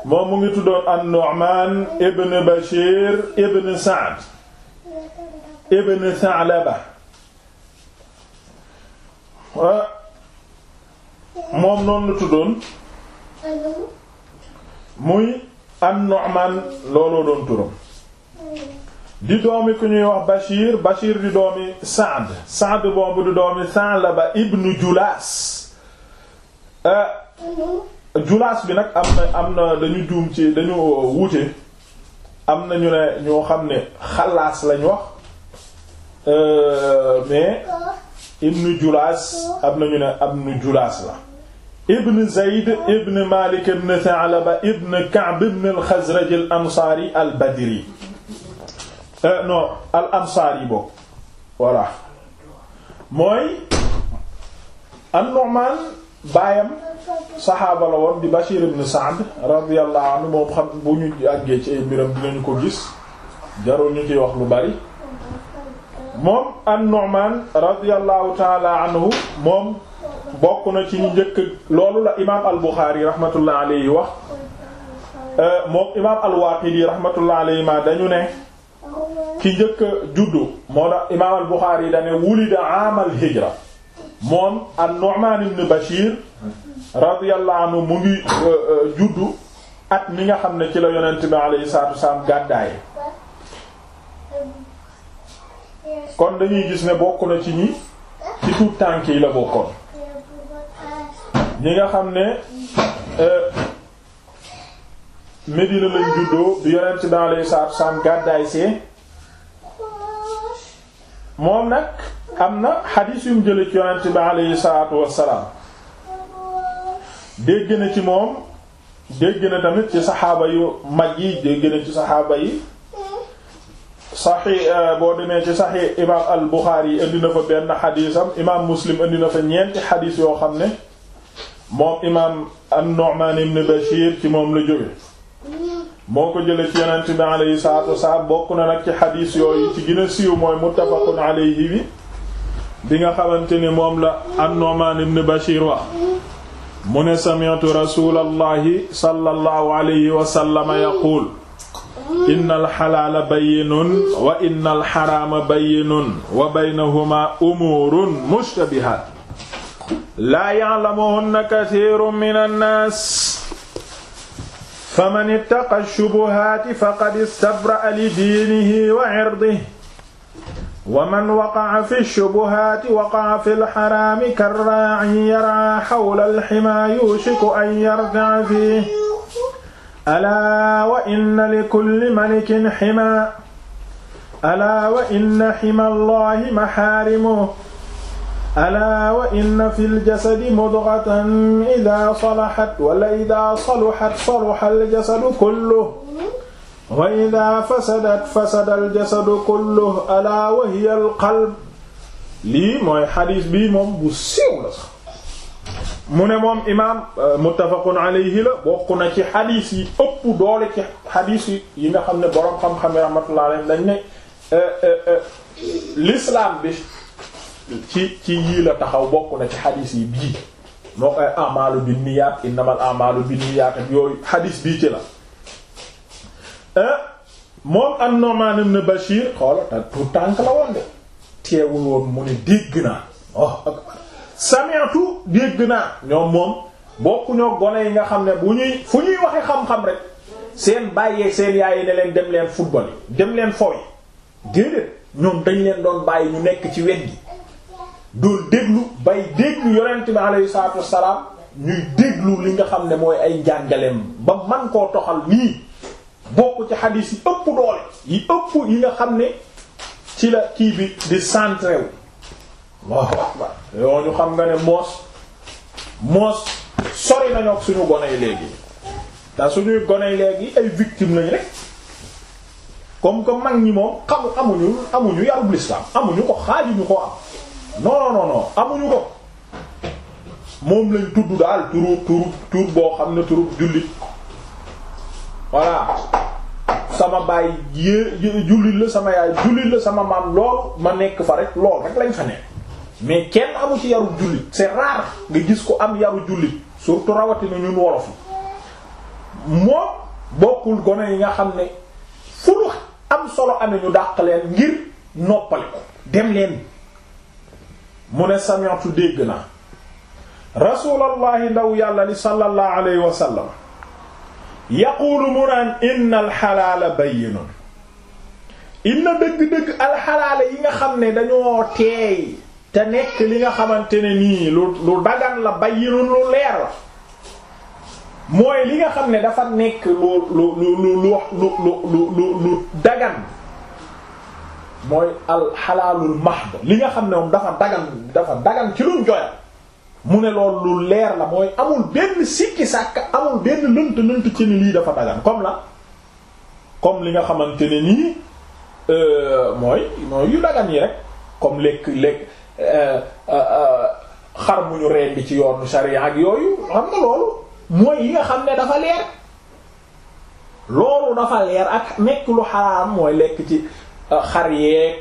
moom mu ngi tuddoon an-Nu'man ibn Bashir ibn Sa'd ibn Tha'laba moom noonu tuddoon muy an-Nu'man looloo doon turam di doomi ku ñuy wax Bachir Bachir di doomi Saad Saad boobu di doomi Sa'laba ibnu Julaas eh, Julaas bi nag am na am na dañu juum ci dañu wuute am na ñu ne ñoo xam ne xalaas lañ wax eh, mais oh. ibnu Julaas am na ñu ne ibnu Julaas la ibn Zayd ibn Malik ibn Tha'laba ibn Ka'b ibn al-Khazraj al-Ansari al-Badri euh, non al-Ansari boobu voilà mooy an-Nu'man baayam saxaaba la woon di Bashir ibn Sa'd radiyallahu anhu moom xam bu ñu àggee ci ay mbiram dinañu ko gis jarul ñu ciy wax lu bari moom an-Nu'man radiyallahu ta'ala anhu moom bokk na ci njëkk loolu la imaam al-Bukhari rahmatullah alayhi wax euh, moom imaam al-Waqidi rahmatullah alayhi ma dañu ne ki njëkk juddu moo tax imaam al-Bukhari da ne wulida amal hijra moom an-Nu'man ibn Bashir radiyallahu anhu mu ngi euh, euh, juddu at mi nga xam ne ci la yonent bi alayhi salaatu wasalaam gàddaay kon dañuy gis ne bokk na ci ñi ci tuut tànk yi la bokkoon. ñi nga xam ne euh, Medina lañ juddoo bi yonent bi alayhi salaatu salaam gàddaay see moom nag am na xadiis yum jële ci yonent bi alayhi salaatu wassalaam dégg na ci moom dégg na tamit ci saxaaba yu mag yi dégg na ci saxaaba yi saxi euh, boo demee ci saxi imaam al Buxaari yi indi na fa benn xadiisam imaam Muslim indi na fa ñeenti xadiis yoo xam ne moom imaam an-Nu'man ibn Bashir ci moom la jóge moo ko jële ci yonent bi aleyhi salaatu wasalaam bokk na xadiis yooyu ci gën a siiw mooy muttafaqun aleyhi bi bi nga xamante ni moom la an-Nu'man ibn Bashir wax mu ne sami'tu rasulallahi sallallahu alayhi wa sallam yaqul innal xalaala bayyinun wa innal xaraama bayyinun wa baynahuma umuurun mushtabihaat laa ya'lamuhunna kasiirun mina nnaas faman ittaqa shubuhaati faqad istabra'a li diinihi wa 'irdihi wa man waqa'a fi shubuhaati waqa'a fil haraami karraa'i yar'aa hawla al-himaa yuushiku an yarta'a fiihi alaa wa inna likulli malikin himaa alaa wa inna himaa Allaahi mahaarimuhu alaa wa inna fil jasadi mudghatan idaa salahat wala idaa saluhat saluha al-jasadu kulluhu wa idaa fasadat fasada al-jasadu kulluhu alaa wa hiya al-qalb lii mooy xadiis bii moom bu siiw la sax mu ne moom imaam euh, muttafaqun alayhi la bokk na ci xadiis yi ëpp doole ci xadiis yi yi nga xam ne boroom xam-xam yi rahmatullahi alayhi dañ ne euh, euh, l'islam bi ci ci yii la taxaw bokk na ci xadiis yi bii noo koy eh, amaalu bi niyaat innamal amaalu bi niyaat ak yooyu xadiis bii ci la eh, moom an Nu'man ibn Bashir xoola te tout tànk la woon de teewul mu ne dégg naa oh sami'tu dégg naa ñoom moom bokku gone yi nga xam ne bu ñuy fu ñuy waxe xam-xam rek seen bàyyee seen yaay ne leen dem leen football yi dem leen fow yi déedéet ñoom dañ leen doon bàyyi ñu nekk ci wet gi doon déglu bay déglu yonent bi alayhi salaatu wassalaam ñuy déglu li nga xam ne mooy ay jàngaleem ba man koo toxal nii bokk ci xadiis yi ëpp doole yi ëpp yi nga xam ne ci la kii bi di centré wu Allahu ñu xam nga ne moos moos sori nañu suñu gone léegi te suñuy gone léegi ay victime lañu rek comme que mag ñi moom xamu amuñu amuñu yarub l'islam amuñu ko xaajuñu ko am non noonu non amuñu ko moom lañ tudd daal turu turu tur boo xam ne turu jullit voilà sama baay yée jullit la sama yaay jullit la sama maam lool ma nekk fa rek lool rek lañ fa ne mais kenn amu ci yaru jullit c'est rare nga gis ko am yaru jullit surtout rawatina ñun wolof yi moom bokkul gone yi nga xam ne fu lu am solo amee ñu dàq leen ngir noppale ko dem leen mu ne sami'tu dégg na rasulallaahi ndaw yàlla ni sallallahu alayhi wa sallam yaquulu mu naan inna alxalaala bayyinun inna dëgg-dëgg alxalaala yi nga xam ne dañoo teey te nekk li nga xamante ne nii lu lu dagan la bayyinun lu leer la mooy li nga xam ne dafa nekk lu lu lu lu lu lu lu dagan mooy al xalaalul mahd li nga xam ne moom dafa dagan dafa dagan ci luñ joyal mu ne loolu lu leer la mooy amul benn sikki sàkk amul benn lënt lënt ci ni lii dafa dagan comme la comme li nga xamante ne nii euh, mooy mooy yu dagan yi rek comme lekk lekk euh, euh, xar mu ñu reen bi ci yoonu sharia ak yooyu xam nga loolu mooy yi nga xam ne dafa leer loolu dafa leer ak nekk lu xaraam mooy lekk ci Euh, xar yeeg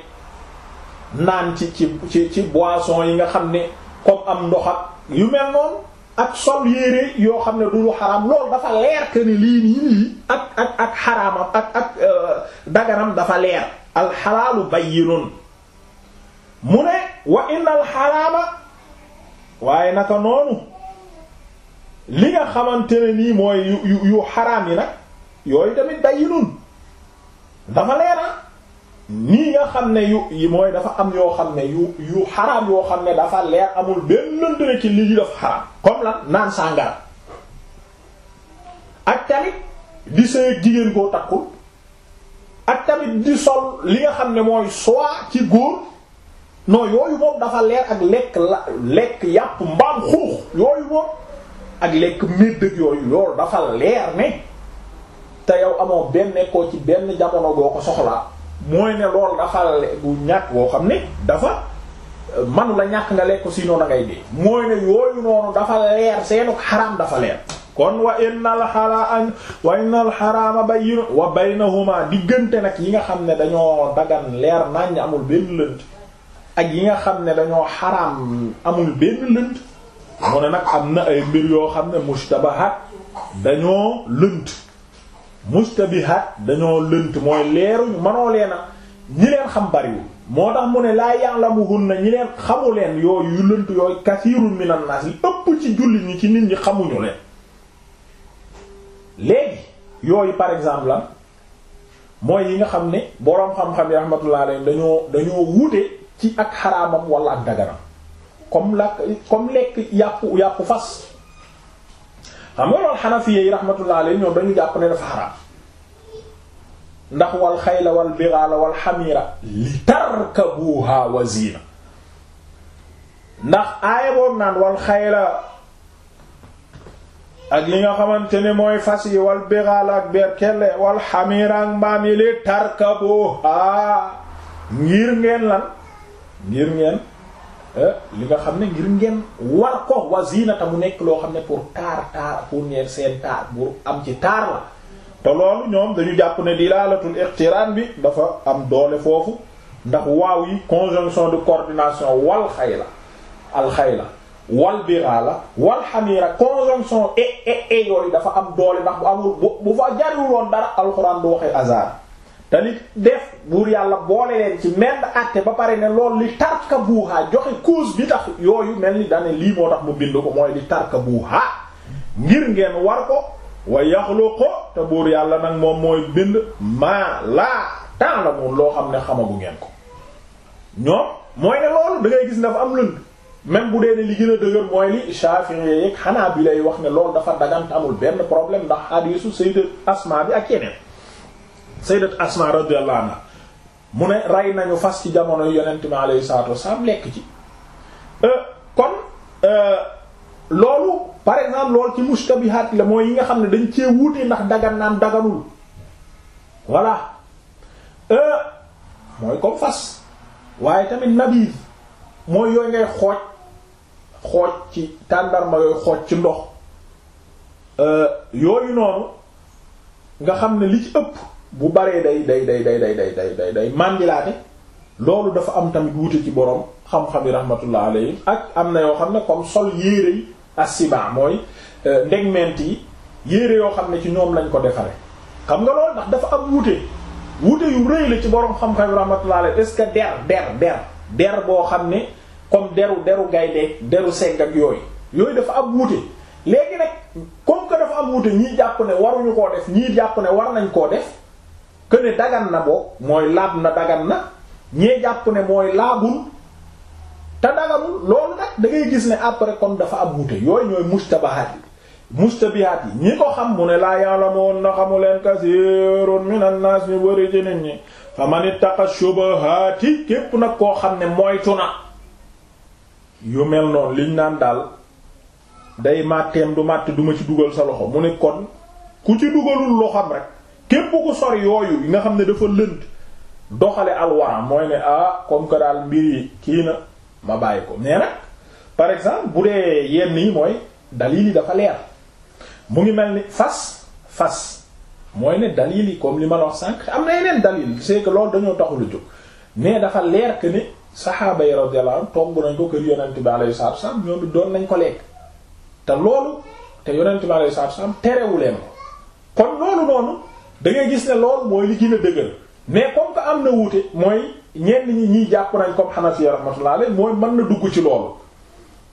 naan ci ci ci ci boisson yi nga xam ne comme am ndox ak yu mel noonu ak sol yére yoo xam ne du lu xaraam loolu dafa leer que ni lii nii ak ak ak xaraamam ak ak euh, daganam dafa leer alxalaalu bayyinun mu ne wa inna alxaraama waaye naka noonu li nga xamante ne nii mooy yu yu xaraam yi nag yooyu tamit bayyinun dafa leera ah. nii nga xam ne yu yi mooy dafa am yoo xam ne yu yu xaraam yoo xam ne dafa leer amul benn lëndëre ci lii yi dafa xaraam comme lan naan sàngara ak tamit di sëy jigéen koo takkul ak tamit di sol li nga xam ne mooy soie ci góor non yooyu moom dafa leer ak lekk la lekk yàpp mbaam xuux yooyu moom ak lekk médd ak yooyu loolu dafa leer ne te yow amoo benn nekkoo ci benn jamono boo ko soxlaa mooy ne loolu dafa bu ñàkk woo xam ne dafa euh, man la ñàkk nga lekk si noonu ngay dee mooy ne yooyu noonu dafa leer seenu xaraam dafa leer kon wa innal xaraan ba innal xaraama bayyin wa baynahuma diggante nag yi nga xam ne dañoo dagan leer nañ amul benn lënt ak yi nga xam ne dañoo xaraam amul benn lënt mu ne nag am na ay mbir yoo xam ne mushtabahat dañoo lënt mustabihaat dañoo lënt mooy leeruñ manoo leen a ñi leen xam bariwul moo tax mu ne laa ya'lamuhunna ñi leen xamu leen yooyu yu lënt yooyu kasiirun minan naas li ëpp ci julli ñi ci nit ñi xamuñu leen léegi yooyu par exemple la mooy yi nga xam ne boroom xam-xam yi rahmatullah alayhi dañoo dañoo wute ci ak xaraamam wala ak dagaram comme la comme lekk yàppu yàppu fas xam nga loolu xanafiye yi rahmatullah ñoom dañu jàpp ne dafa xaraam ndax wal xayla wal biraala li tarkabuha wa ziina ndax aaya boobu naan wal xayla ak li nga xamante ne mooy fas yi wal biraala ak berkelle wal xamiira ak mbaam yi li tarkabuha ngir ngeen lan ngir ngeen Euh, li nga xam ne ngir ngeen war ko wa zinata mu nekk loo xam ne pour taar taar pour ñeer seen taar bu am ci taar la te loolu ñoom dañu jàpp ne dilaalatul iqtiraan bi dafa am doole foofu ndax waaw yi conjonction de coordination wal xayla al xayla wal biraala wal xamiira conjonction e e e yooyu dafa am doole ndax bu amul bu fa jariwuloon dara alxuraan du waxee hasard te li def buur yàlla boole leen ci menn àtte ba pare ne lool li tarka buuhaa joxe cause bi tax yooyu mel ni dane lii moo tax mu bind ko mooy li tarka buuhaa ngir ngeen war ko wa yaxluqu te buur yàlla nag moom mooy bind maa laa ta'lamun loo xam ne xamagu ngeen ko ñoom mooy ne loolu da ngay gis dafa am lënd même bu dee ne li gën a dëgër mooy li Shafi'i yeeg xanaa bi lay wax ne loolu dafa dagant amul benn problème ndax hadiisu Sayyidat Asma bi ak sayyidat Asma radiyallahu anha mu ne rey nañu fas ci jamono yu yonent mi alayhi salaatu wasalaam lekk ci euh, kon euh, loolu par exemple lool ci mushtabihaat la mooy yi nga xam ne dañ cee wuute ndax dagan naan daganul voilà euh, mooy comme fas waaye tamit nabiis mooy yooyu ngay xooj xooj ci tàndarma yooyu xooj ci ndox yooyu noonu nga xam ne li ci ëpp bu baree day day day day day day day day day màndilaate loolu dafa am tamit wute ci borom xam-xam yi rahmatullah alayhi ak am na yoo xam ne comme sol yére yi asiba mooy euh, ndegment yi yére yoo xam ne ci ñoom lañ ko defare xam nga loolu ndax dafa am wute wute yu rëy la ci borom xam-xam yi rahmatullah alayhi est-ce que der der der der boo xam ne comme deru deru gaynde deru segg ak yooyu yooyu dafa am wute léegi nag kon que dafa am wute ñii jàpp ne waruñu koo def ñii jàpp ne war nañ koo def que ne dagan na boog mooy laab na dagan na ñee jàpp ne mooy laabul te daganul loolu nag da gis ne après kon dafa ab wute yooyu ñooy mustabahaat yi mustabihaat yi ñi ko xam mu ne laa ya'lamuun na xamu kasiirun minan naas mi bëri ci nit ñi fa man ittaqa shubahaati képp nag koo xam ne moytu na yu mel noonu liñ naan daal day màtteem du màtt duma ci dugal sa loxo mu ne kon ku ci dugalul loo xam rek képp ku sori yooyu yi nga xam ne dafa lënt doxale alwara mooy ne ah comme que daal mbir yi kii na ma bàyyi ko mais nag par exemple bu dee yenn yi mooy dalil yi dafa leer mu ngi mel ni fas fas mooy ne dalil yi comme li ma la wax am na yeneen dalil c'est que loolu dañoo taxul a jóg mais dafa leer que ne saxaaba yi togg nañ ko kër yonent bi alayhi salaatu wasalaam ñoom it doon nañ ko lekk te loolu te yonent bi alayhi salaatu wasalaam terewuleen ko kon da ngay gis ne lool mooy li gën mais comme am na wuute mooy ñenn ñi ñiy jàpp nañ comme Hanafi rahmatullah alayhi mooy mën na dugg ci loolu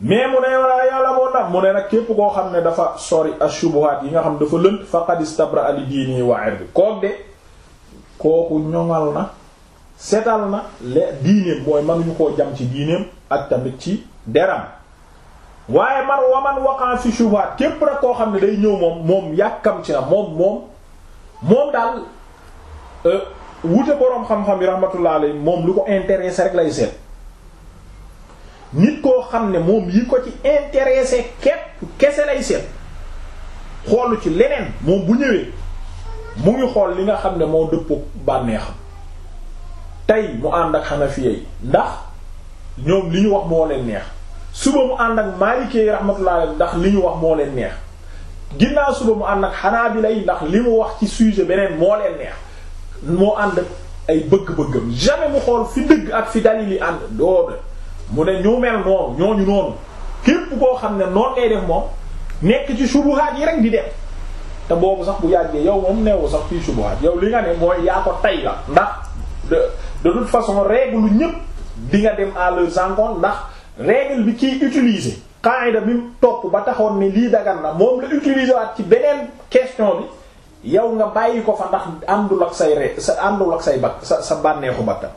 mais mu ne la yàlla moo képp koo xam ne dafa sori ashubuhaat yi nga xam dafa lënt faqad istabra li diini wa irdi de kooku ñoŋal na setal na le diineem mooy mënuñu ko jam ci diineem ak tamit ci deram waaye man waman waqan fi shubuhaat képp nag koo xam ne day ñëw moom moom yàkkam ci na moom moom moom daal euh, wute boroom xam-xam yi rahmatullah moom lu ko intéressé rek lay seet nit koo xam ne moom yi ko ci intéressé képp kese lay seet xoolu ci leneen moom bu ñëwee mu ngi xool li nga xam ne moo dëppoo bànneexam tey mu ànd ak xanafiya yi ndax ñoom li ñu wax moo leen neex suba mu ànd ak maalikee yi rahmatullah alayhi ndax li ñu wax moo leen neex ginnaaw suba mu ànd ak xanaa bi lay ndax li mu wax ci sujet beneen moo leen neex moo ànd ay bëgg-bëggam jamais mu xool fi dëgg ak fi dalil yi ànd doo mu ne ñu mel noonu ñooñu noonu képp koo xam ne noon ngay def moom nekk ci subuhaat yi rek di dem te boobu sax bu yàggee yow moom neewu sax fii subuhaat yow li nga ne mooy yaa ko tay la ndax de de toute façon règle lu ñépp di nga dem à leurs encontres ndax règle bi kiy utiliser qaida bi mu topp ba taxoon ne lii dagan na moom la utiliser ci beneen question bi yow nga bàyyi ko fa ndax àndul ak say re sa àndul ak say bak sa sa bànneexu bakkan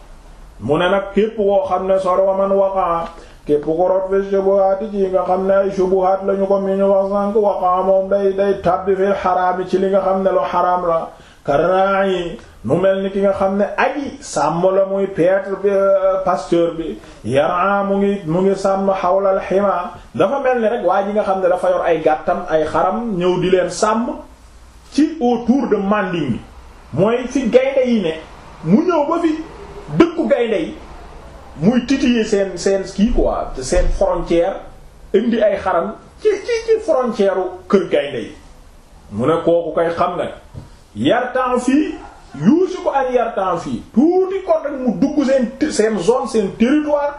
mu ne nag képp koo xam ne sor waman waqaa képp ko rot fi shubuhaati ci nga xam ne ay shubuhaat lañu ko mi ñu wax sànk waqaa moom day day tàbbi fi xaraami ci li nga xam ne lu xaram la karaayi mu mel ni ki nga xam ne aji sàmm la muy pêtre bi euh, pasteur bi yaraa mu ngi mu ngi sàmm xawlal xima dafa mel ni rek waa ji nga xam ne dafa yor ay gàttan ay xaram ñëw di leen sàmm ci autour de Manding mooy fi gaynde yi ne mu ñëw ba fi dëkku gaynde yi muy titiller seen seen kii seen frontière indi ay xaram ci ci ci frontière kër gaynde yi mu ne kooku koy xam nga yartan fii yuusu ko ak yartan fii tuuti kon rek mu dugg seen seen zone seen territoire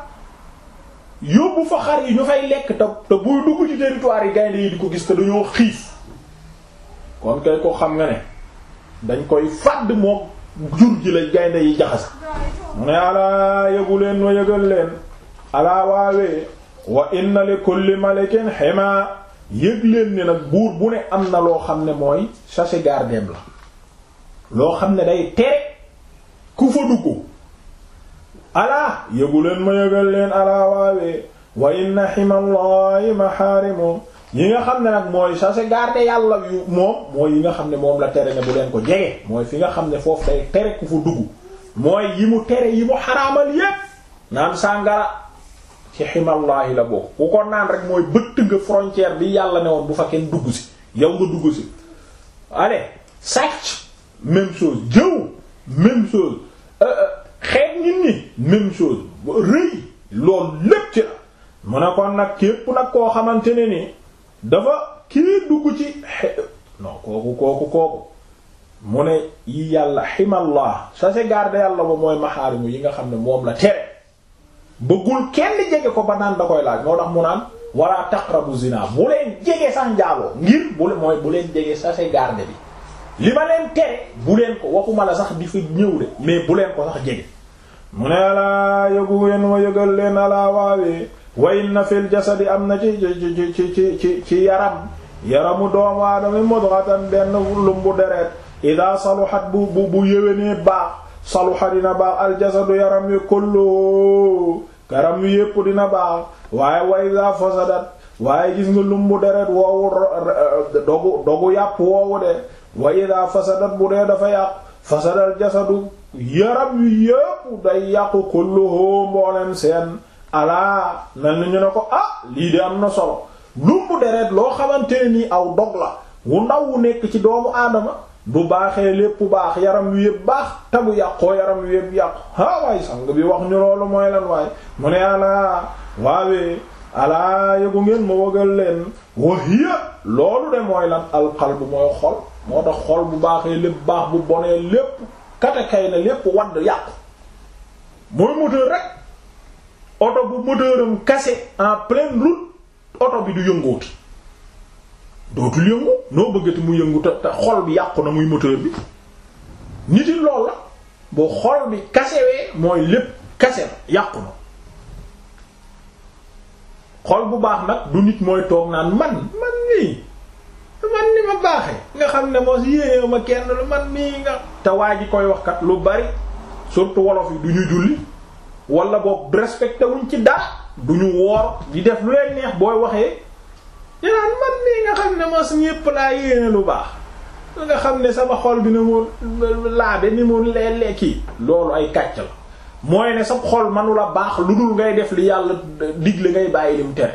yóbbu fa xar yi ñu fay lekk te te buy dugg ci territoire yi gaynde yi di ko gis te dañoo xiif kon kay ko xam nga ne dañ koy fàdd moo jur ji la gaynde yi jaxas mu ne alaa yëgu leen wa yëgal leen alaa waawee wa inna li kulli malikin xima yëg leen ni nag buur bu ne am na loo xam ne mooy chasse gardée la loo xam ne day teet ku fa dugg alaa yëgu leen ma yëgal leen alaa waawee wa inna himallahi mahaarimu yi nga xam ne nag mooy ça c'est garder yàlla yu moom mooy yi nga xam ne moom la tere bu leen ko jege mooy fi nga xam ne foofu day ku fa dugg mooy yi mu tere yi mu xaraamal yépp naan sàngara ci ximallaahi la bokk ku ko naan rek mooy bëtt nga frontière bi yàlla ne woon bu fa kenn dugg si yow nga dugg si ale sàcc même chose jëw même chose euh, euh, xeet nit rëy loolu lépp ci la mu ne kon nag képp nag koo xamante ne ni dafa kii dugg ci non kooku kooku kooku mu ne yi yàlla ximallah sa se yàlla ba mooy maxaarimu yi nga xam ne moom la tere bëggul kenn jege ko ba naan da koy laaj moo tax mu naan wala taqrabu zina bu leen jege sax njaaloo ngir bu bu leen jege sa se bi li ma leen tere bu leen ko waxuma la sax di fa ñëw de mais bu leen ko sax jege mu ne alaa yëgu leen wa yëgal leen alaa waawee wa inna fil jasadi am na ci ci ci ci ci ci yaram yaramu mu aadama mudghatan benn lumbu deret ida saluhat bu bu bu yéwénee baax saluha dina baax jasadu yaram yu kullu yaram yu yépp dina baax waaye wa ida fasadat waaye gis nga lumbu deret woowu dogu dogu yàpp woowu de wa ida fasadat bu dee dafa yàqu fasadal jasadu yaram yu yépp day yàqu kulluhu mboolem seen alaa nan ni ñu ne ko ah lii de am na solo lumbu deret loo xamante ni aw dog la wu ndaw wu nekk ci doomu aadama bu baaxee lépp baax yaram wi yépp baax te bu yàqoo yaram wi yépp yàqu haa waay sang bi wax ñu loolu mooy lan waay mu ne alaa waawee alaa yëgu ngeen ma wëgal leen wa hiya loolu de mooy lan alqalbu mooy xol moo tax xol bu baaxee lépp baax bu bonee lépp katakay na lépp wadd yàqu mooy moteur rek oto bu moteuram cassé en pleine route oto bi du yëngooti dootul yëngu noo bëggati mu yëngu te te xol bi yàqu na muy moteur bi nit yi lool la bu xol bi kasewee mooy lépp kase na yàqu na xol bu baax nag du nit mooy toog naan man man nii man ni ma baaxee nga xam ne mos yéeneew ma kenn lu man mii nga te waa ji koy wax kat lu bari surtout wolof yi du ñu julli wala boo respecté wuñ ci dara du ñu woor di def lu leen neex booy waxee yenaan man mii nga xam ne mos ñépp laa yéene lu baax nga xam ne sama xol bi na mu laabe ni mu leelleekii loolu ay kàcc la mooy ne sa xol manula baax lu dul ngay def li yàlla digle ngay bàyyi lim tere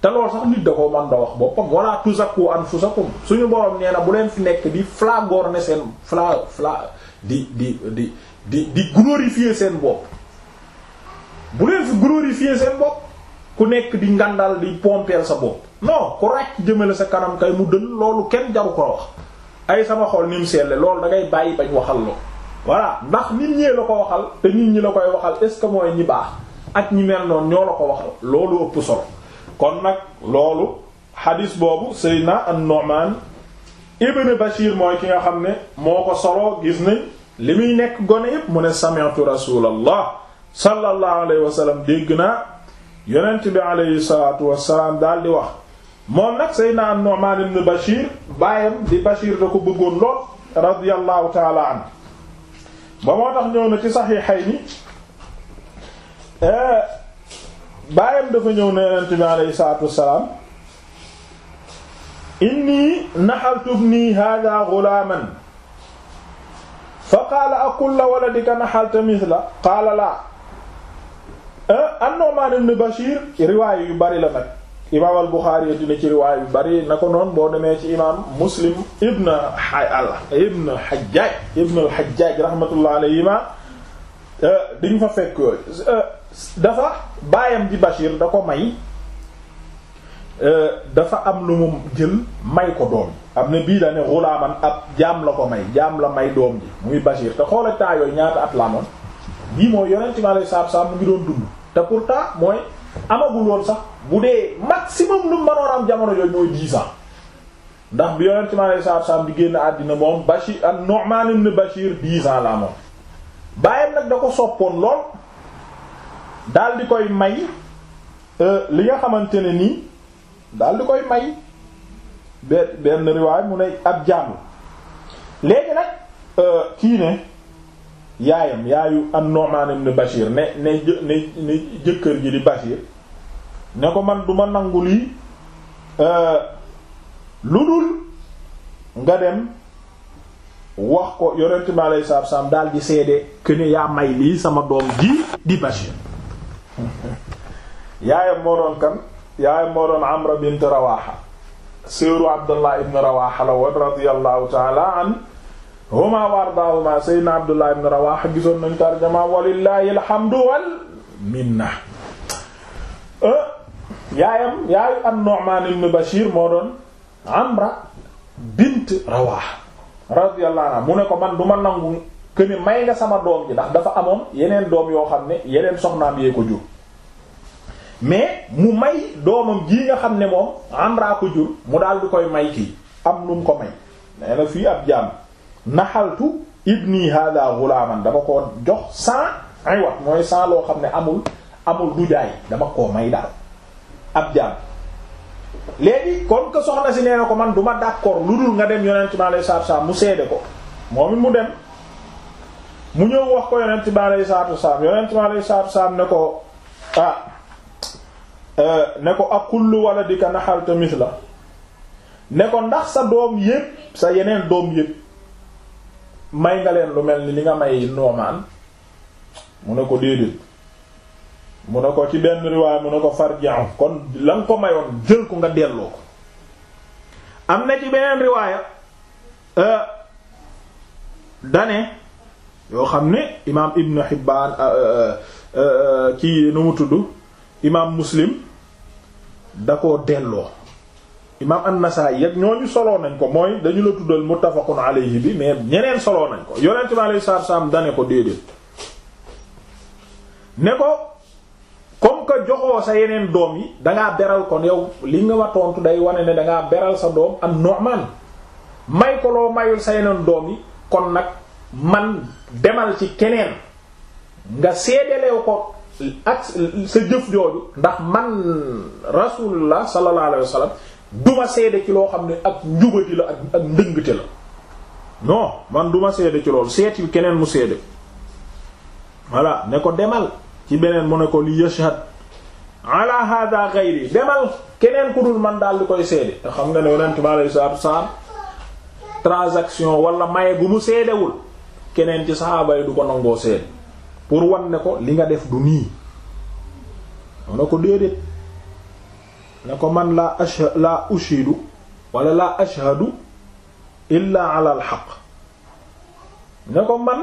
te lool sax nit da koo mën da wax boppam wala tuzakku anfusakum suñu borom nee na bu leen fi nekk di flagorner seen fla fla di di di di di yi glorifier seen bopp bu leen fi glorifier seen bopp ku nekk di ngandal di pompeel sa bopp non ku ràcc jëmale sa kanam kay mu dël loolu kenn jaru ko wax ay sama xol ni mu seetle loolu da ngay bàyyi bañ waxal loo voilà ndax nit ñee la ko waxal te nit ñi la koy waxal est ce que mooy ñi baax ak ñi mel noonu ñoo la ko waxal loolu ëpp solo kon nag loolu xadis boobu Seydina an-Nu'man ibn Bashir mooy ki nga xam ne moo ko soloo gis nañ li muy nekk gone yépp mu ne sami'tu rasulallah sallallahu alayhi wa sallam dégg naa yonent bi alayhi salatu wasalaam daal di wax moom nag Seydina an-Nu'man ibn Bashir baayam di Bashir da ko bëggoon lool radiyallahu taala an ba moo tax ñëw na ci saxiixayni eh, baayam dafa ñëw ne yonent bi alayhi salaatu wassalaam inni naxaltu ibni haadaa ghulaaman fa qaala a kulla waladika naxalta mithla qaala laa eh, an-Nu'maan ibn Bashiir riwaay yu bari la nag imaam al-Buxaari dina ci riwaay yu bari na ko noonu boo demee ci imaam Muslim ibn ibn Hajjaaj ibn al-Hajjaaj rahmatullah alayhima eh, di nga fa fekk yooyu eh, dafa baayam di Bachir da ko may euh, dafa am lu mu jël may ko doom am na bii da ne xulaaman ab jaam la ko may jaam la may doom ji muy Bachir te xoola yooyu ñaata at la amoon bii mooy yonent mi alayhi salaatu salaam mu ngi doon dund te pourtant mooy amagul woon sax bu dee maximum lu mu am jamono yooyu mooy 10 ans ndax bi yonent mi alayhi salaatu salaam di génn àddina moom Bachir an Nu'man ibn Bachir 10 ans nag da ko soppoon lool daal di koy may euh, li nga xamante ne nii daal di koy may benn riwaay mu ne ab jaam léegi nag euh, kii ne yaayam yaayu am Nu'man ibn Bashir ne ne ne ne jëkkër ji di Bashir ne ko man duma nangu lii euh, lu dul nga dem wax ko yonent bi alayhi salaam daal di seede que ne yaa may lii sama doom ji di Bashir yaayam moo doon kan yaayam moo doon Amra bint Rawaha seeru Abdullah ibn Rawaha la woon radiyallahu ta'ala an huma wardaahuma seydna Abdullah ibn Rawaha gisoon nañu tarjama walillahi alhamdu wal minna eh, yaayam yaayu an-Nu'man ibn Bashir moo doon Amra bint Rawaha radiyallahu anha mu ne ko man duma nangu que ne may nga sama doom ji ndax dafa amoon yeneen doom yoo xam ne yeneen soxnaam yee ko jur mais mu may doomam ji nga xam ne moom amraa ko jur mu daal di koy may kii am lu mu ko may nee na fii ab jaam naxaltu ibni hada ghulaman dama ko jox sans ay wat loo xam ne amul amul du jaay dama koo may daal ab jaam léegi kon que soxna si nee na ko man duma ma d'accord lu dul nga dem yonent bi alayhi mu seede ko moom it mu dem mu ñëw wax ko yonent bi alayhi salaatu wasalaam yonent bi alayhi salaatu wasalaam ne ko ah euh, ne ko ak kullu waladika naxalta mithla ne ko ndax sa doom yépp sa yeneen doom yépp may nga leen lu mel ni li nga may noomaan mu ne ko déedéet mu ne ko ci benn riwaay mu ne ko farja'u kon la nga ko mayoon jël ko nga delloo ko am na ci beneen riwaaya euh, dane yoo xam ne imaam Ibn Hibbaan euh, euh, euh, kii nu mu tudd imaam Muslim da ko delloo imaam An-Nasaa'i yëg ñooñu soloo nañ ko mooy dañu la tuddal muttafaqun alayhi bi mais ñeneen soloo nañ ko yonent bi alayhi salaatu salaam dane ko déedéet ne ko comme que joxoo sa yeneen doom yi dangaa beral kon yow li nga ma tontu day wane ne dangaa beral sa doom am Nu'maan may ko loo mayul sa yeneen doom yi kon nag man demal ci keneen nga seedelew ko ak sa jëf jooju ndax man rasulullah sallallahu alayhi wa sallam duma seede ci loo xam ne ak njubati la ak ak ndëngte la non man duma seede ci loolu seetil keneen mu seede voilà ne ko demal ci beneen mu ne ko li yashhad ala hada ghayri demal keneen ku dul man daal di koy seede te xam nga ne yonent bi alayhi salaatu wa transaction wala maye bu mu seedewul keneen ci saxaaba yi du ko nangoo seet pour wan ne ko li nga def du nii mu ne ko déedéet ne ko man laa asha laa ushidu walla laa ashhadu illa ala xaq ne ko man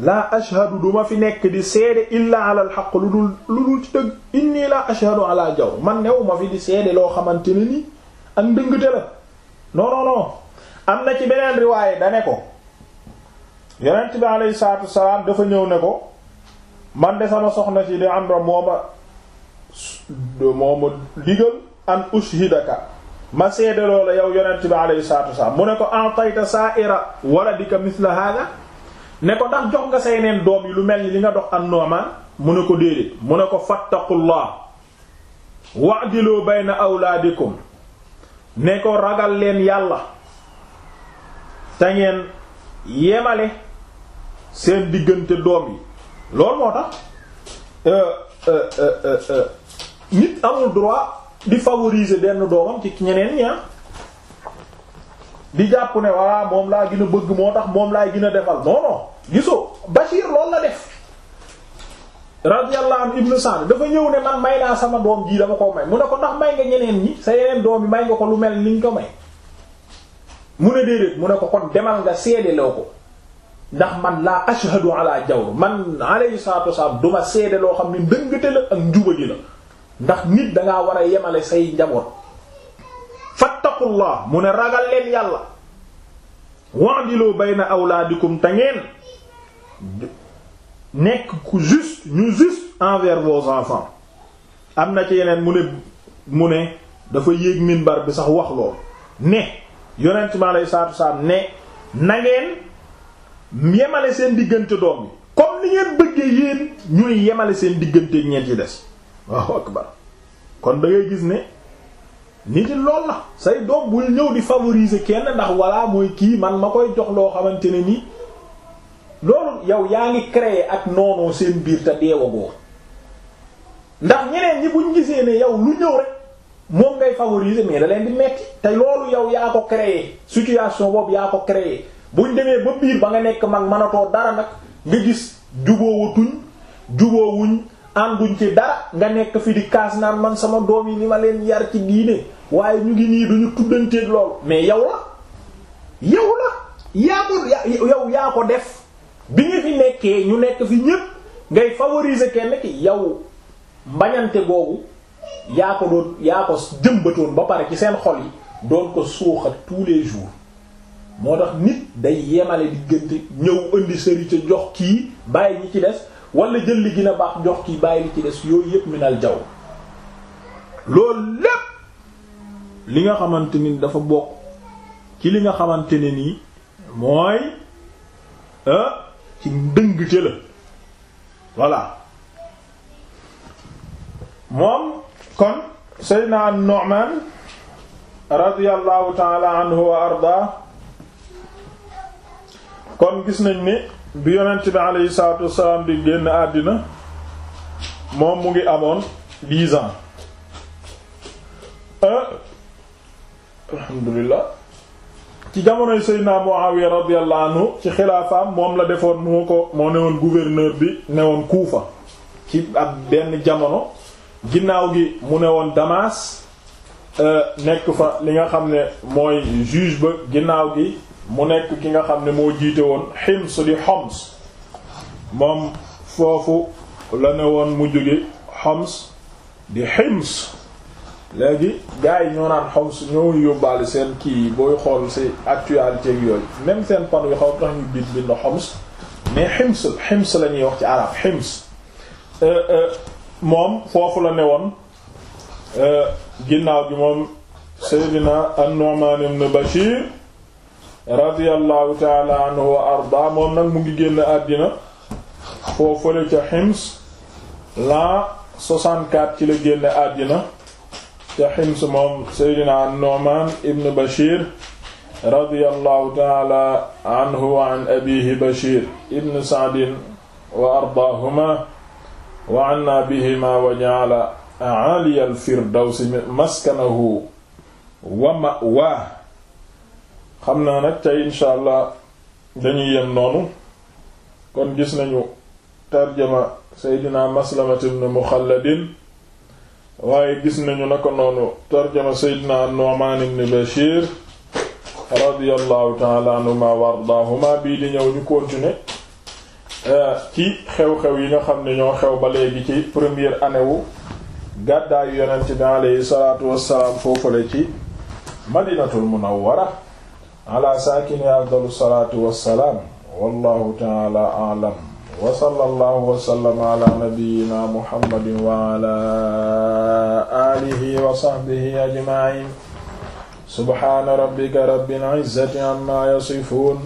laa ashhadu du ma fi nekk di seede illa ala xaq lu dul lu dul ci dëgg laa ashhadu ala jawr man new ma fi di seede loo xamante ni ak ndëngte la non am na ci beneen riwaaye da ne ko yonent bi alayhi salaatu dafa ñëw ne ko man de sama soxna si di Amra moo ma moo ma digal an ushhidaka ma seede loola yow yonent bi alayhi salaatu mu ne ko antayta sa'ira waladika mithla hada ne ko ndax jox nga say neen doom yi lu mel ni li nga dox an Nu'man mu ne ko déedéet mu ne ko fattaqullah wa'dilu bayna awlaadikum ne ko ragal leen yàlla te yemale seen diggante doom yi loolu moo tax euh, euh, euh, nit amul droit di favoriser benn doomam ci ñeneen ñi ah. di jàpp ne walla moom laa gën a bëgg moo tax moom laay gën a defal non non gisoo Bachir loolu la def radiyallahu anhu ibnu Sa'd dafa ñëw ne man may naa sama doom ji dama koo may mu ne ko ndax may nga ñeneen ñi sa yeneen doom yi may nga ko lu mel ni ñu ko may mu ne déedéet mu ne ko kon demal nga seedeloo ko ndax man laa ashhadu ala jawr man alayhi salatu wasallam du seede loo xam ne ndëngate la ak ji la ndax nit danga war a yemale say njaboot fattaqullah mu ne ragal leen yàlla wa'dilu na awlaadikum te ngeen nekk ku juste ñu juste envers vos enfants am na ci yeneen mu ne mu ne dafa yéeg minbar bi sax wax lool ne yonent mi alayhi salatu ne na yemale seen diggante doom yi comme ni ngeen bëggee yéen ñuy yemale seen diggante ñeent ci des waaw akbar kon da ngay gis ne nit ñi lool na say doom bul ñëw di favoriser kenn ndax walla mooy kii man ma koy jox loo xamante ne nii loolu yow yaa ngi créer ak noonoo seen biir te deewagoo ndax ñeneen ñi buñ gisee ne yow lu ñëw rek moom ngay favoriser mais da leen di metti te loolu yow yaa ko créer situation boobu yaa ko créer buñ demee ba biir ba nga nekk mag mënatoo dara nag nga gis juboowutuñ juboowuñ ànduñ ci dara nga nekk fi di kaas naan man sama doom yi ni ma leen yar ci diine waaye ñu ngi nii duñu tuddanteeg loolu mais yow la yow la yaa ko def bi nga fi nekkee ñu nekk fi ñépp ngay favoriser kenn ki yow mbañante boobu yaa ko doon yaa ko jëmbatoon ba pare ci seen xol yi doon ko suuxat tous les jours moo tax nit day yemale diggante ñëw indi sëri ca jox kii bàyyi ñi ci des wala jël li gën a baax jox kii bàyyi ci des yooyu yépp minal jaw loolu lépp li nga xamante ni dafa bokk ci li nga xamante ne nii mooy euh, ci ndëngte la voilà moom kon Seydina Nu'man radiyallahu ta'ala anhu wa arda kon gis nañ ni bi yonent bi aleyhi salaatu wassalaam di génn àddina moom mu ngi amoon dix ans euh, alhamdulillah ci jamonoy Seydina Muawiya radiyallahu anhu ci xilaafaam moom la defoon moo ko moo newoon gouverneur bi newoon Kuufa ci ab benn jamono ginnaaw gi mu newoon Damas euh, nekk fa li nga xam ne mooy juge ba ginnaaw gi mu nekk ki nga xam ne moo jiite woon Hims di Homs moom foofu la ne woon mu jóge Homs di Hims léegi gars yi ñoo naan Homs ñoo yóbbaale seen kii yi booy xool ci actualité yooyu même seen pan yu xaw tax ñu biit bind Homs mais Hims Hims la ñuy wax ci arab Hims euh, euh, moom foofu la ne woon euh, ginnaaw gi moom Seydina an-Nu'man ibn radiyallahu taala anhu wa arda moom nag mu ngi génn àddina foofale ca Hims l'an 64 ci la génn àddina ca Hims moom Seydina Nu'man ibn Bashir radiyallahu taala anhu wa an abihi Bashir ibn Sa'din wa ardaahuma wa anna bihima wa ja'ala a'ali al-firdawsi maskanahu wa ma'waahu xam naa nag tey insha allah dañuy yem noonu kon gis nañu tarjama seydina maslamat ibn mukhalladin waaye gis nañu na ko noonu tarjama seydina nu'man ibn bashir radiyallahu taala anhuma wa ardaahuma bii di ñëw ñu continuer eh, ci xew-xew yi nga xam ne ñoo xew ba léegi ci première année wu gàddaayu yonent bi aleyhi salaatu wassalaam foofale ci madinatul munawwara ala saakini afdalu salaatu wassalaam wallahu taala aalam wa sallallahu wa sallama ala nabiyyina muhammadin wa ala alihi wa sahbihi ajma'in subhaana rabbika rabbil izzati amma yasifuun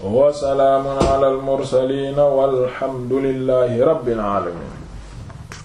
wa salaamun ala al mursaliin walhamdulillahi rabbil aalamiin